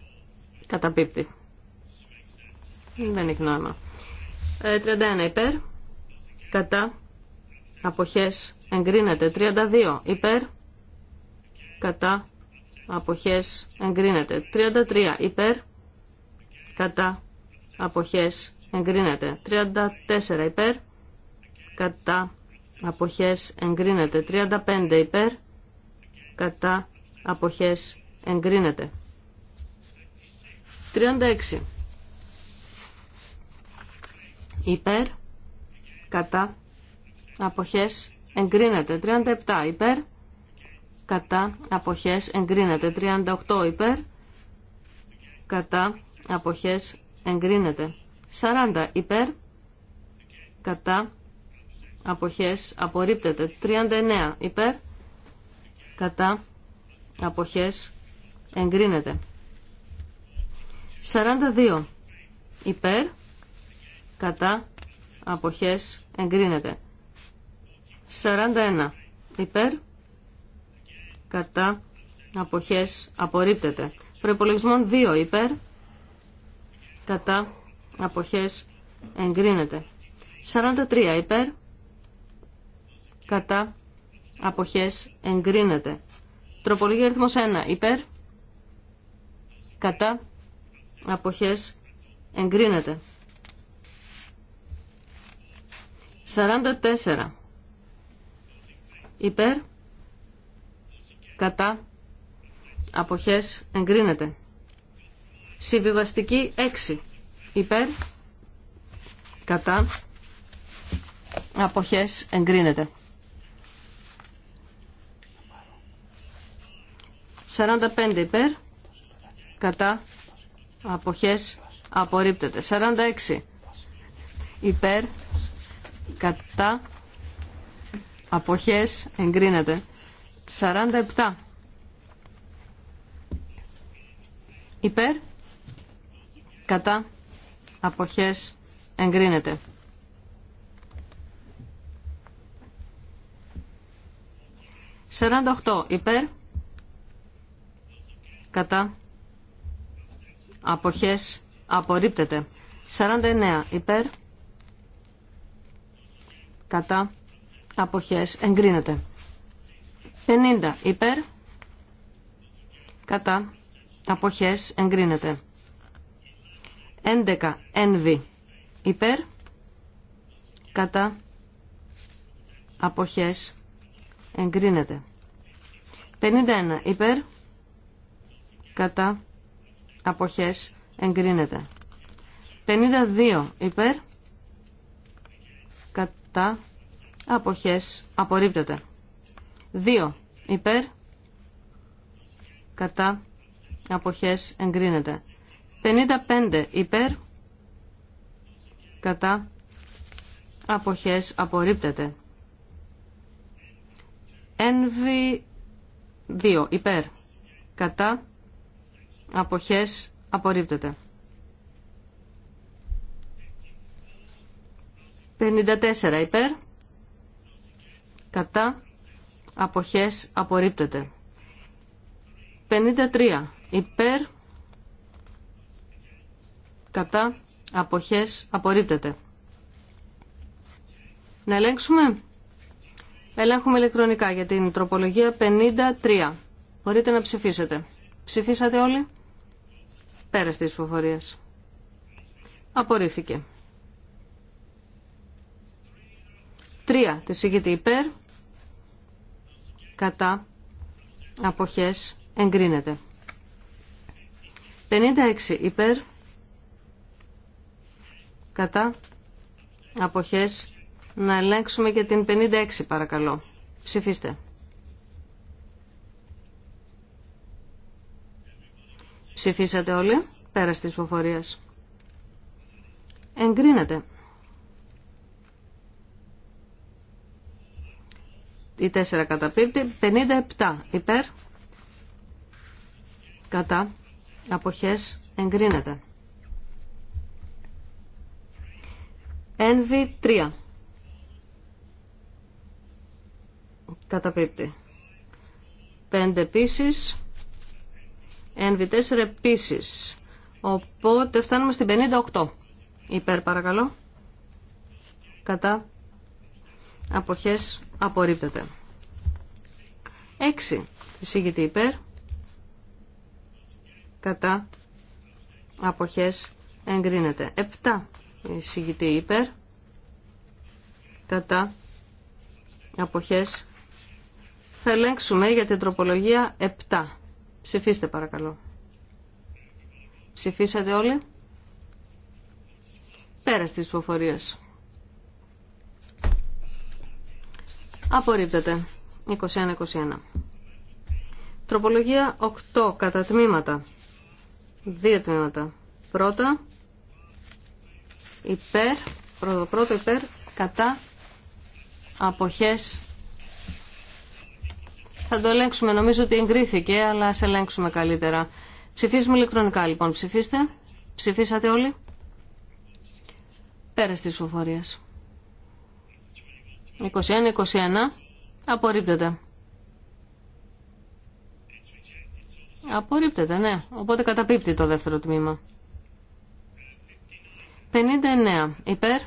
Καταπίπτει. Δεν έχει νόημα. 31 ε, υπέρ. Κατά. Αποχές. Εγκρίνεται. 32 υπέρ. Κατά. Αποχές. Εγκρίνεται. 33 υπέρ. Κατά. Αποχές. Εγκρίνεται. 34 υπέρ. Κατά. Αποχές. Εγκρίνεται. 35 υπέρ. Κατά. Αποχές εγκρίνεται. 36. Υπέρ, κατά, αποχές, εγκρίνεται. 37. Υπέρ, κατά, αποχές, εγκρίνεται. 38. Υπέρ, κατά, αποχές, εγκρίνεται. 40. Υπέρ, κατά, αποχές, απορρίπτεται. 39. Υπέρ, κατά, αποχές, Εγκρίνεται. 42. Υπέρ. Κατά. Αποχές. Εγκρίνεται. 41. Υπέρ. Κατά. Αποχές. Απορρίπτεται. Προϋπολογισμόν 2. Υπέρ. Κατά. Αποχές. Εγκρίνεται. 43. Υπέρ. Κατά. Αποχές. Εγκρίνεται. Τροπολογία αριθμός 1. Υπέρ κατά αποχές εγκρίνεται. 44 υπέρ κατά αποχές εγκρίνεται. Συμβιβαστική 6 υπέρ κατά αποχές εγκρίνεται. 45 υπέρ κατά αποχές απορρίπτεται. 46 υπέρ κατά αποχές εγκρίνεται. 47 υπέρ κατά αποχές εγκρίνεται. 48 υπέρ κατά αποχές απορρίπτεται. 49 υπέρ κατά αποχές εγκρίνεται. 50 υπέρ κατά αποχές εγκρίνεται. 11 ένβη υπέρ κατά αποχές εγκρίνεται. 51 υπέρ κατά αποχές εγκρίνεται. 52 υπέρ κατά αποχές απορρίπτεται. 2 υπέρ κατά αποχές εγκρίνεται. 55 υπέρ κατά αποχές απορρίπτεται. Ένβι 2 υπέρ κατά Αποχές απορρίπτεται. 54 υπέρ. Κατά. Αποχές απορρίπτεται. 53 υπέρ. Κατά. Αποχές απορρίπτεται. Να ελέγξουμε. Ελέγχουμε ηλεκτρονικά για την τροπολογία 53. Μπορείτε να ψηφίσετε. Ψηφίσατε όλοι πέραστη της ψηφοφορίας. Απορρίφθηκε. Τρία. Τη συγκητή υπέρ. Κατά. Αποχές. Εγκρίνεται. 56 υπέρ. Κατά. Αποχές. Να ελέγξουμε και την 56 παρακαλώ. Ψηφίστε. Ψηφίσατε όλοι. Πέρα τη ψηφοφορία. Εγκρίνεται. Η 4 καταπίπτει. 57 υπέρ. Κατά. Αποχές εγκρίνεται. NV3. Καταπίπτει. 5 επίσης. NV4 επίσης. Οπότε φτάνουμε στην 58. Υπέρ παρακαλώ. Κατά. Αποχές απορρίπτεται. 6. Εισήγητη υπέρ. Κατά. Αποχές εγκρίνεται. 7. Εισήγητη υπέρ. Κατά. Αποχές θα ελέγξουμε για την τροπολογία 7. Ψηφίστε παρακαλώ. Ψηφίσατε όλοι. Πέρα τη ψηφοφορία. Απορρίπτεται. 21-21. Τροπολογία 8 κατά τμήματα. Δύο τμήματα. Πρώτα υπέρ, πρώτο, πρώτο υπέρ, κατά αποχές θα το ελέγξουμε. Νομίζω ότι εγκρίθηκε, αλλά ας ελέγξουμε καλύτερα. Ψηφίζουμε ηλεκτρονικά λοιπόν. Ψηφίστε. Ψηφίσατε όλοι. Πέρας της ψηφοφορίας. 21-21. Απορρίπτεται. Απορρίπτεται, ναι. Οπότε καταπίπτει το δεύτερο τμήμα. 59. Υπέρ.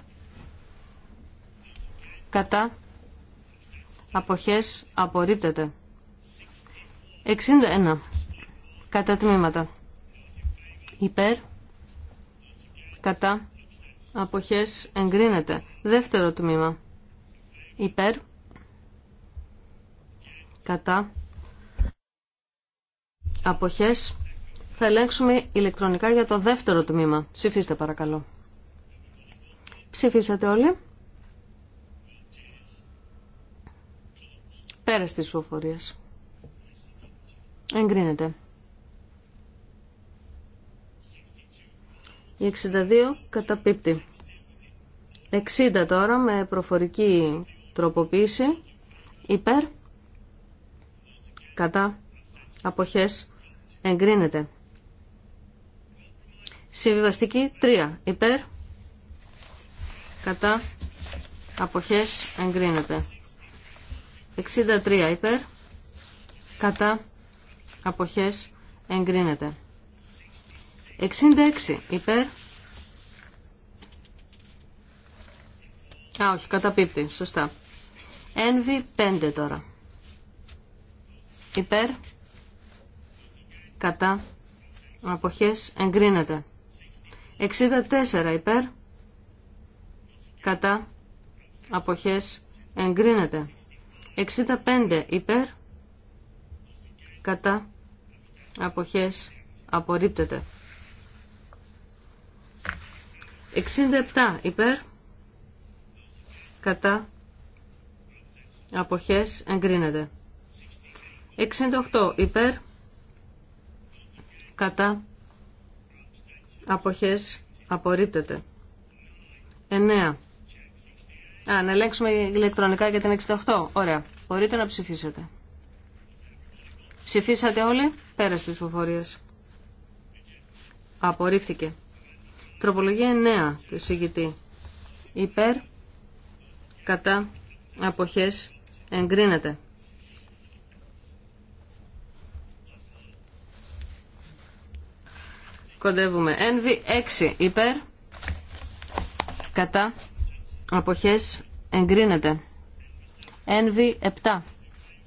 Κατά. Αποχές απορρίπτεται. 61. Κατά τμήματα. Υπέρ. Κατά. Αποχές εγκρίνεται. Δεύτερο τμήμα. Υπέρ. Κατά. Αποχές. Θα ελέγξουμε ηλεκτρονικά για το δεύτερο τμήμα. Ψηφίστε παρακαλώ. Ψηφίσατε όλοι. Πέρα της ψηφοφορίας. Εγκρίνεται. Η 62 καταπίπτει. 60 τώρα με προφορική τροποποίηση. Υπέρ. Κατά. Αποχές. Εγκρίνεται. Συμβιβαστική 3. Υπέρ. Κατά. Αποχές. Εγκρίνεται. 63 υπέρ. Κατά αποχές εγκρίνεται. 66 υπέρ. Α, όχι, καταπίπτει, σωστά. Envy 5 τώρα. Υπέρ, κατά, αποχές, εγκρίνεται. 64 υπέρ, κατά, αποχές, εγκρίνεται. 65 υπέρ, κατά αποχές απορρίπτεται. 67 υπέρ κατά αποχές εγκρίνεται. 68 υπέρ κατά αποχές απορρίπτεται. 9. Α, να ελέγξουμε ηλεκτρονικά για την 68. Ωραία. Μπορείτε να ψηφίσετε. Ψηφίσατε όλοι πέρα στις ψηφοφορίες. Απορρίφθηκε. Τροπολογία 9 του εισηγητή. Υπέρ, κατά, αποχές, εγκρίνεται. Κοντεύουμε. Κοντεύουμε. 6 υπέρ, κατά, αποχές, εγκρίνεται. εγκρίνεται. 7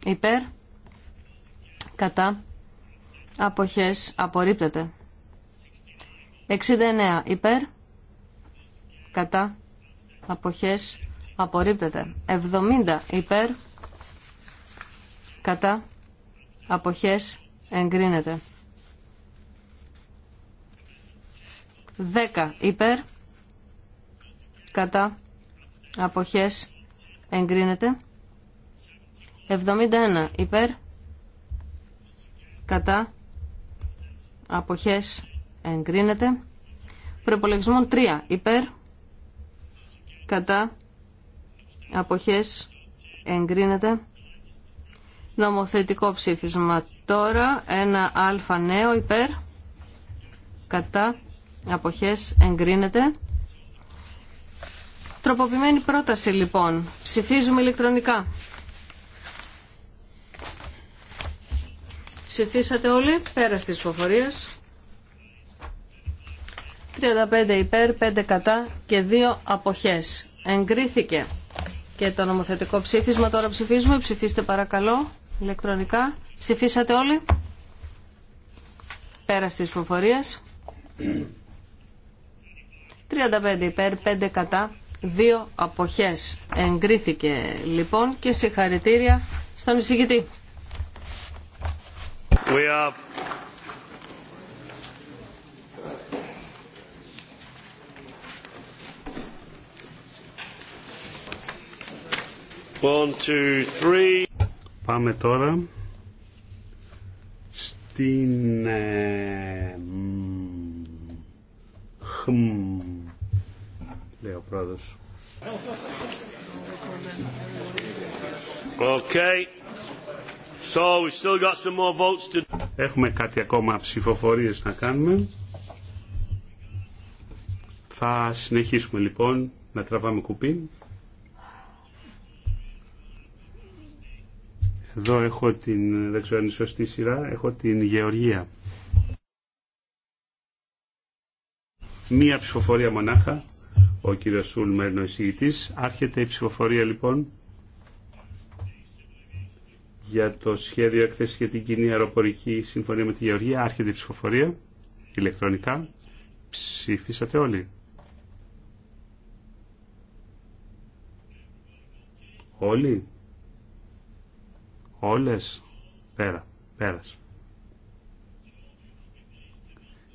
υπέρ, κατά αποχές απορρίπτεται. 69 υπέρ κατά αποχές απορρίπτεται. 70 υπέρ κατά αποχές εγκρίνεται. 10 υπέρ κατά αποχές εγκρίνεται. 71 υπέρ κατά αποχές εγκρίνεται. προϋπολογισμών 3 υπέρ κατά αποχές εγκρίνεται. Νομοθετικό ψήφισμα τώρα, ένα α νέο υπέρ, κατά, αποχές, εγκρίνεται. Τροποποιημένη πρόταση λοιπόν, ψηφίζουμε ηλεκτρονικά. Ψηφίσατε όλοι, πέρα τη ψηφοφορίας. 35 υπέρ, 5 κατά και 2 αποχές. Εγκρίθηκε και το νομοθετικό ψήφισμα. Τώρα ψηφίζουμε. Ψηφίστε παρακαλώ ηλεκτρονικά. Ψηφίσατε όλοι. Πέρα τη ψηφοφορίας. 35 υπέρ, 5 κατά, 2 αποχές. Εγκρίθηκε λοιπόν και συγχαρητήρια στον εισηγητή. We have One, two, three. Πάμε τώρα στην ε, χμ, λέει ο πρόεδρος. Okay. So we still got some more votes to... Έχουμε κάτι ακόμα ψηφοφορίες να κάνουμε. Θα συνεχίσουμε λοιπόν να τραβάμε κουπί. Εδώ έχω την, δεν ξέρω αν είναι σωστή σειρά, έχω την Γεωργία. Μία ψηφοφορία μονάχα, ο κύριος Σούλ ο εισηγητής. Άρχεται η ψηφοφορία λοιπόν για το σχέδιο έκθεση για την κοινή αεροπορική συμφωνία με τη Γεωργία. Άρχεται η ψηφοφορία ηλεκτρονικά. Ψήφισατε όλοι. Όλοι. Όλες. Πέρα. Πέρας.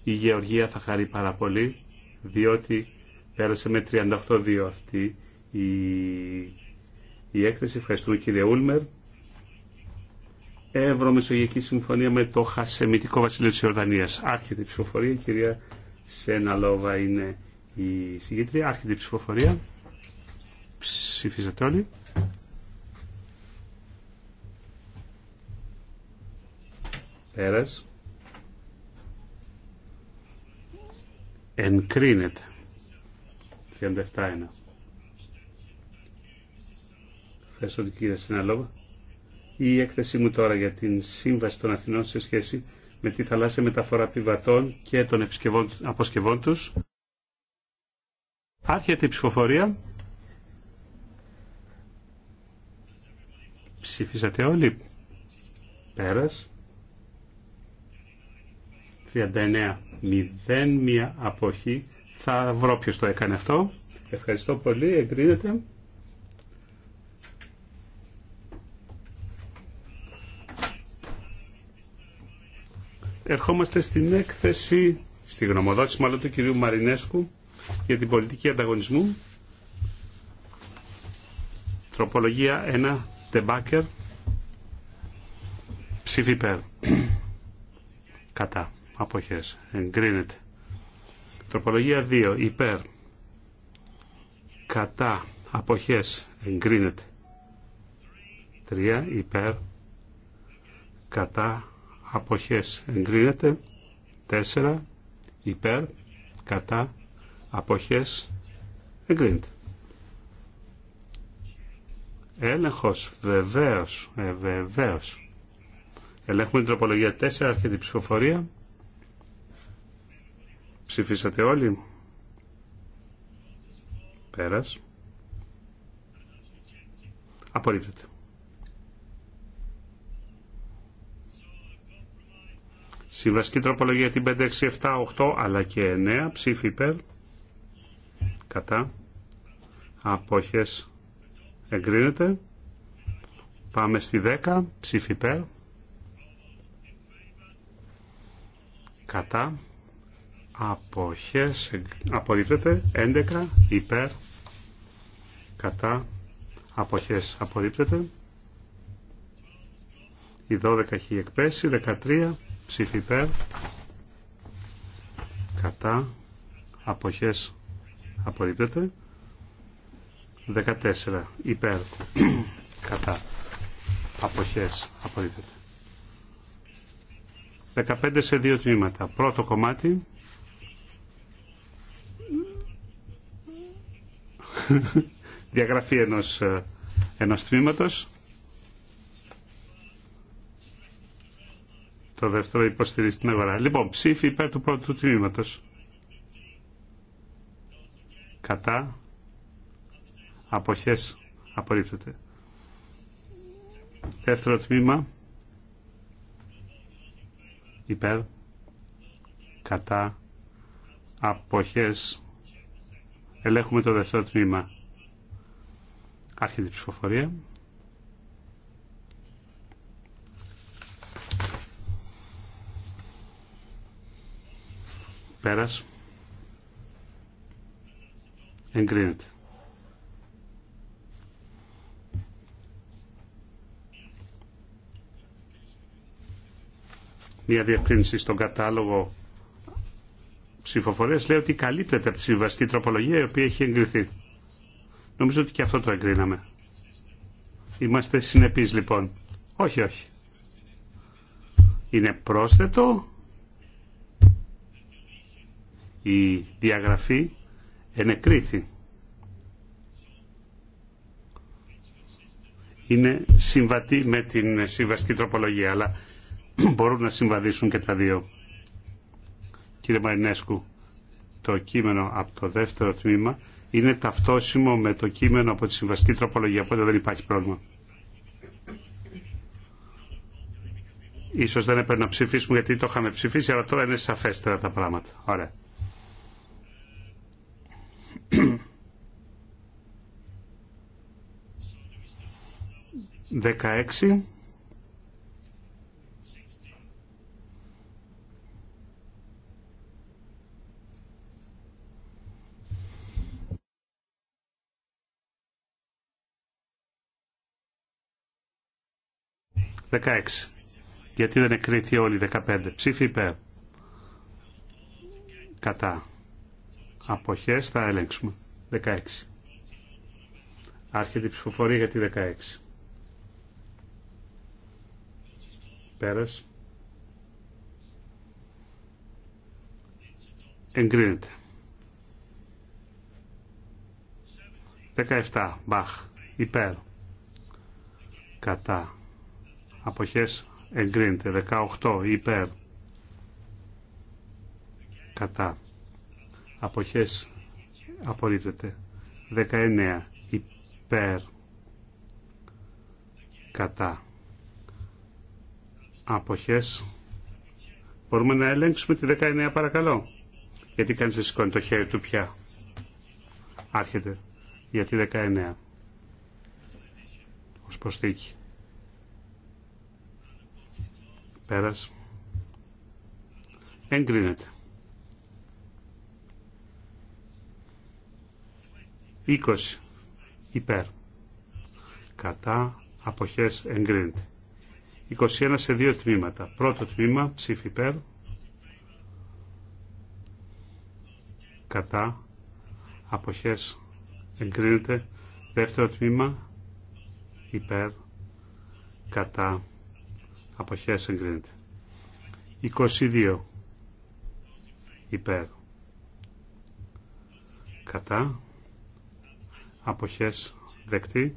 Η Γεωργία θα χαρεί πάρα πολύ, διότι πέρασε με 38-2 αυτή η, η έκθεση. Ευχαριστούμε κύριε Ούλμερ. Ευρωμεσογειακή Συμφωνία με το Χασεμιτικό Βασίλειο της Ιορδανίας. Άρχεται η ψηφοφορία, η κυρία Σένα Λόβα είναι η συγκέντρια. Άρχεται η ψηφοφορια ψηφιζα Ψηφίσατε όλοι. Πέρας. Εγκρίνεται. 37-1. Ευχαριστώ την κυρία Λόβα. Η έκθεσή μου τώρα για την Σύμβαση των Αθηνών σε σχέση με τη θαλάσσια μεταφορά πιβατών και των αποσκευών τους. Άρχεται η ψηφοφορία. Ψήφισατε όλοι. Πέρας. 39. 0. Μία αποχή. Θα βρω ποιος το έκανε αυτό. Ευχαριστώ πολύ. Εγκρίνεται. Ερχόμαστε στην έκθεση, στη γνωμοδότηση μάλλον του κυρίου Μαρινέσκου για την πολιτική ανταγωνισμού. Τροπολογία 1, τεμπάκερ. Ψήφι υπέρ. Κατά. Αποχές. Εγκρίνεται. Τροπολογία 2, υπέρ. Κατά. Αποχές. Εγκρίνεται. 3, υπέρ. Κατά αποχές εγκρίνεται Τέσσερα υπέρ κατά αποχές εγκρίνεται έλεγχος βεβαίως ε, βεβαίως ελέγχουμε την τροπολογία τέσσερα. αρχή την ψηφοφορία ψηφίσατε όλοι πέρας απορρίπτεται Συμβαστική τροπολογία την 5, 6, 7, 8 αλλά και 9. Ψήφι υπέρ. Κατά. Απόχες. Εγκρίνεται. Πάμε στη 10. Ψήφι υπέρ. Κατά. Απόχες. Απορρίπτεται. 11. Υπέρ. Κατά. Αποχές απορρίπτεται. Η 12 έχει εκπέσει. 13 ψήφι υπέρ κατά αποχές απορρίπτεται 14 υπέρ κατά αποχές απορρίπτεται 15 σε δύο τμήματα πρώτο κομμάτι διαγραφή ενός, ε, ενός τμήματος Το δεύτερο υποστηρίζει την αγορά. Λοιπόν, ψήφι υπέρ του πρώτου τμήματο Κατά. απόχέ, Απορρίπτεται. Δεύτερο τμήμα. Υπέρ. Κατά. Αποχέ. Ελέγχουμε το δεύτερο τμήμα. Άρχεται η ψηφοφορία. Πέρας. Εγκρίνεται. Μια διευκρίνηση στον κατάλογο ψηφοφορίας λέει ότι καλύπτεται από τη συμβαστική τροπολογία η οποία έχει εγκριθεί. Νομίζω ότι και αυτό το εγκρίναμε. Είμαστε συνεπείς λοιπόν. Όχι, όχι. Είναι πρόσθετο η διαγραφή ενεκρίθη. Είναι συμβατή με την συμβαστική τροπολογία, αλλά μπορούν να συμβαδίσουν και τα δύο. Κύριε Μαρινέσκου, το κείμενο από το δεύτερο τμήμα είναι ταυτόσιμο με το κείμενο από τη συμβαστική τροπολογία, οπότε δεν υπάρχει πρόβλημα. Ίσως δεν έπρεπε να ψηφίσουμε γιατί το είχαμε ψηφίσει, αλλά τώρα είναι σαφέστερα τα πράγματα. Ωραία. 16 Γιατί δεν εκρίθη όλοι 15. Ψήφι υπέρ. Κατά αποχές θα ελέγξουμε. 16. Άρχεται η ψηφοφορία για τη 16. Πέρας. Εγκρίνεται. 17. Μπαχ. Υπέρ. Κατά. Αποχές εγκρίνεται. 18. Υπέρ. Κατά αποχές απορρίπτεται 19 υπέρ κατά αποχές μπορούμε να ελέγξουμε τη 19 παρακαλώ γιατί κανείς δεν σηκώνει το χέρι του πια άρχεται για τη 19 ως προστίκη πέρας εγκρίνεται 20 υπέρ. Κατά αποχές εγκρίνεται. 21 σε δύο τμήματα. Πρώτο τμήμα ψήφι υπέρ. Κατά αποχές εγκρίνεται. Δεύτερο τμήμα υπέρ. Κατά αποχές εγκρίνεται. 22 υπέρ. Κατά αποχές δεκτή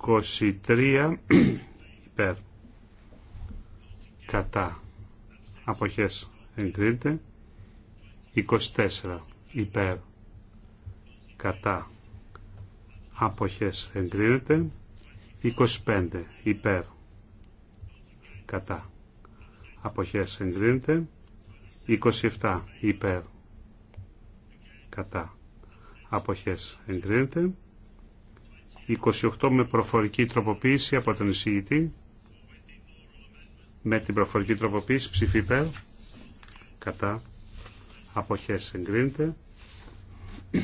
23 υπέρ κατά αποχές εγκρίνεται 24 υπέρ κατά αποχές εγκρίνεται 25 υπέρ κατά αποχές εγκρίνεται 27 υπέρ κατά αποχές εγκρίνεται. 28 με προφορική τροποποίηση από τον εισηγητή. Με την προφορική τροποποίηση ψηφίπερ. Κατά αποχές εγκρίνεται. 26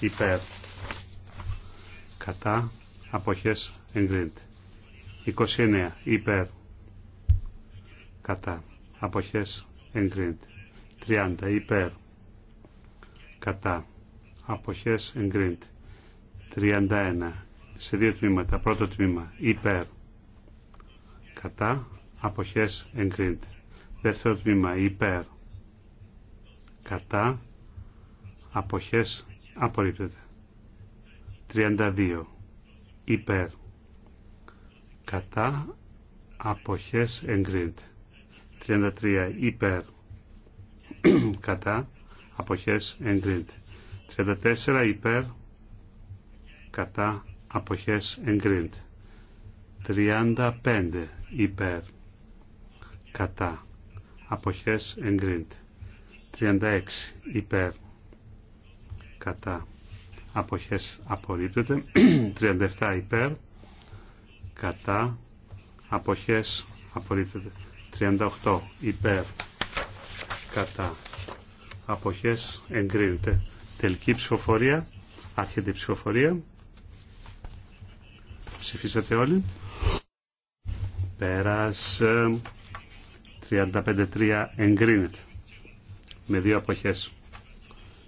υπέρ. Κατά αποχές εγκρίνεται. 29 υπέρ. Κατά αποχές εγκρίνεται. 30 υπέρ κατά αποχές εγκρίνεται. 31 σε δύο τμήματα. Πρώτο τμήμα υπέρ κατά αποχές εγκρίνεται. Δεύτερο τμήμα υπέρ κατά αποχές απορρίπτεται. 32 υπέρ κατά αποχές εγκρίνεται. 33 υπέρ κατά αποχές εγκρίνεται. 34 υπέρ κατά αποχές εγκρίνεται. 35 υπέρ κατά αποχές εγκρίνεται. 36 υπέρ κατά αποχές απορρίπτεται. 37 υπέρ κατά αποχές απορρίπτεται. 38 υπέρ κατά αποχές εγκρίνεται. Τελική ψηφοφορία, άρχεται η ψηφοφορία. Ψηφίσατε όλοι. Πέρας 35-3 εγκρίνεται. Με δύο αποχές.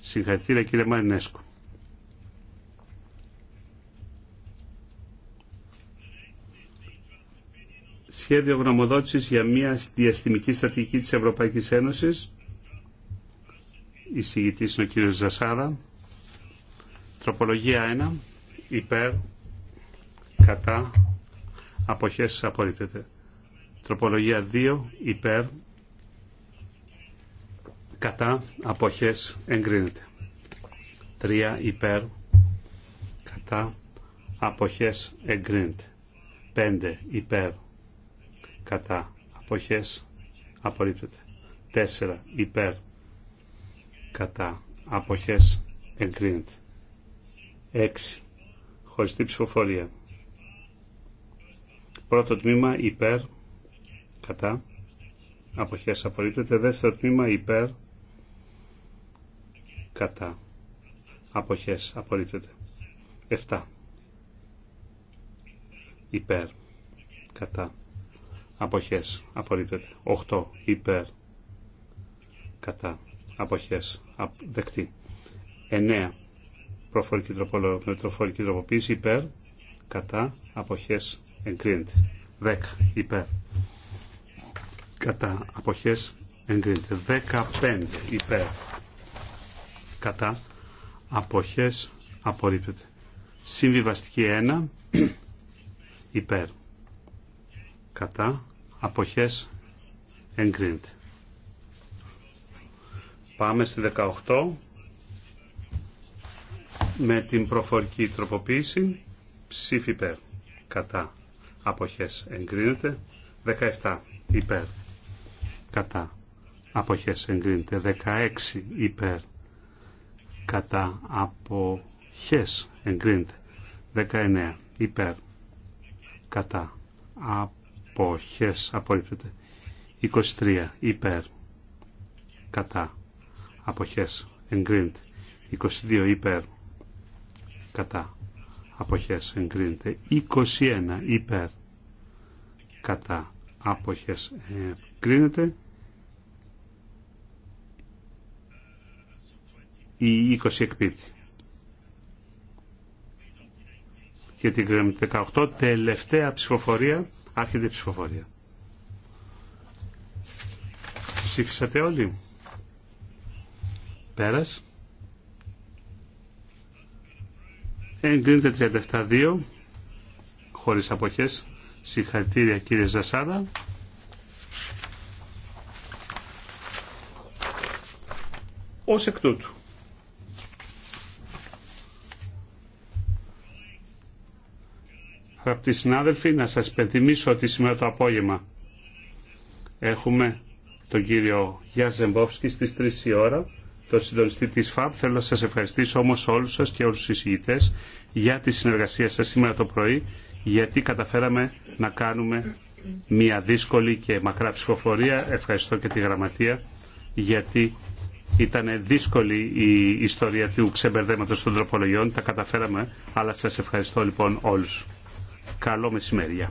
Συγχαρητήρια κύριε Μαρινέσκου. σχέδιο γνωμοδότησης για μια διαστημική στρατηγική της Ευρωπαϊκής Ένωσης. Η συγητής είναι ο κύριος Ζασάρα. Τροπολογία 1. Υπέρ. Κατά. Αποχές απορρίπτεται. Τροπολογία 2. Υπέρ. Κατά. Αποχές εγκρίνεται. 3. Υπέρ. Κατά. Αποχές εγκρίνεται. 5. Υπέρ κατά αποχές απορρίπτεται Τέσσερα. υπέρ κατά αποχές εγκρίνεται Έξι. χωριστή ψηφοφορία πρώτο τμήμα υπέρ κατά αποχές απορρίπτεται δεύτερο τμήμα υπέρ κατά αποχές απορρίπτεται Εφτά. υπέρ κατά αποχές απορρίπτεται 8 υπέρ κατά αποχές δεκτή 9 προφορική, προφορική τροποποίηση υπέρ κατά αποχές εγκρίνεται 10 υπέρ κατά αποχές εγκρίνεται 15 υπέρ κατά αποχές απορρίπτεται συμβιβαστική 1 υπέρ κατά αποχές εγκρίνεται. Πάμε στη 18 με την προφορική τροποποίηση ψήφι υπέρ κατά αποχές εγκρίνεται 17 υπέρ κατά αποχές εγκρίνεται 16 υπέρ κατά αποχές εγκρίνεται 19 υπέρ κατά αποχές αποχές απορρίπτεται 23 υπέρ κατά αποχές εγκρίνεται 22 υπέρ κατά αποχές εγκρίνεται 21 υπέρ κατά αποχές εγκρίνεται η 20 εκπίπτει και την 18 τελευταία ψηφοφορία Άρχεται η ψηφοφορία. Ψήφισατε όλοι. Πέρας. Εγκρίνεται 37-2 χωρίς αποχές. Συγχαρητήρια κύριε Ζασάδα. Ως εκ τούτου. Αγαπητοί συνάδελφοι, να σας υπενθυμίσω ότι σήμερα το απόγευμα έχουμε τον κύριο Ζεμπόφσκι στις 3 η ώρα, το συντονιστή της ΦΑΠ. Θέλω να σας ευχαριστήσω όμως όλους σας και όλους τους εισηγητές για τη συνεργασία σας σήμερα το πρωί, γιατί καταφέραμε να κάνουμε μια δύσκολη και μακρά ψηφοφορία. Ευχαριστώ και τη γραμματεία, γιατί ήταν δύσκολη η ιστορία του ξεμπερδέματος των τροπολογιών. Τα καταφέραμε, αλλά σας ευχαριστώ λοιπόν όλους. Καλό μεσημέρι.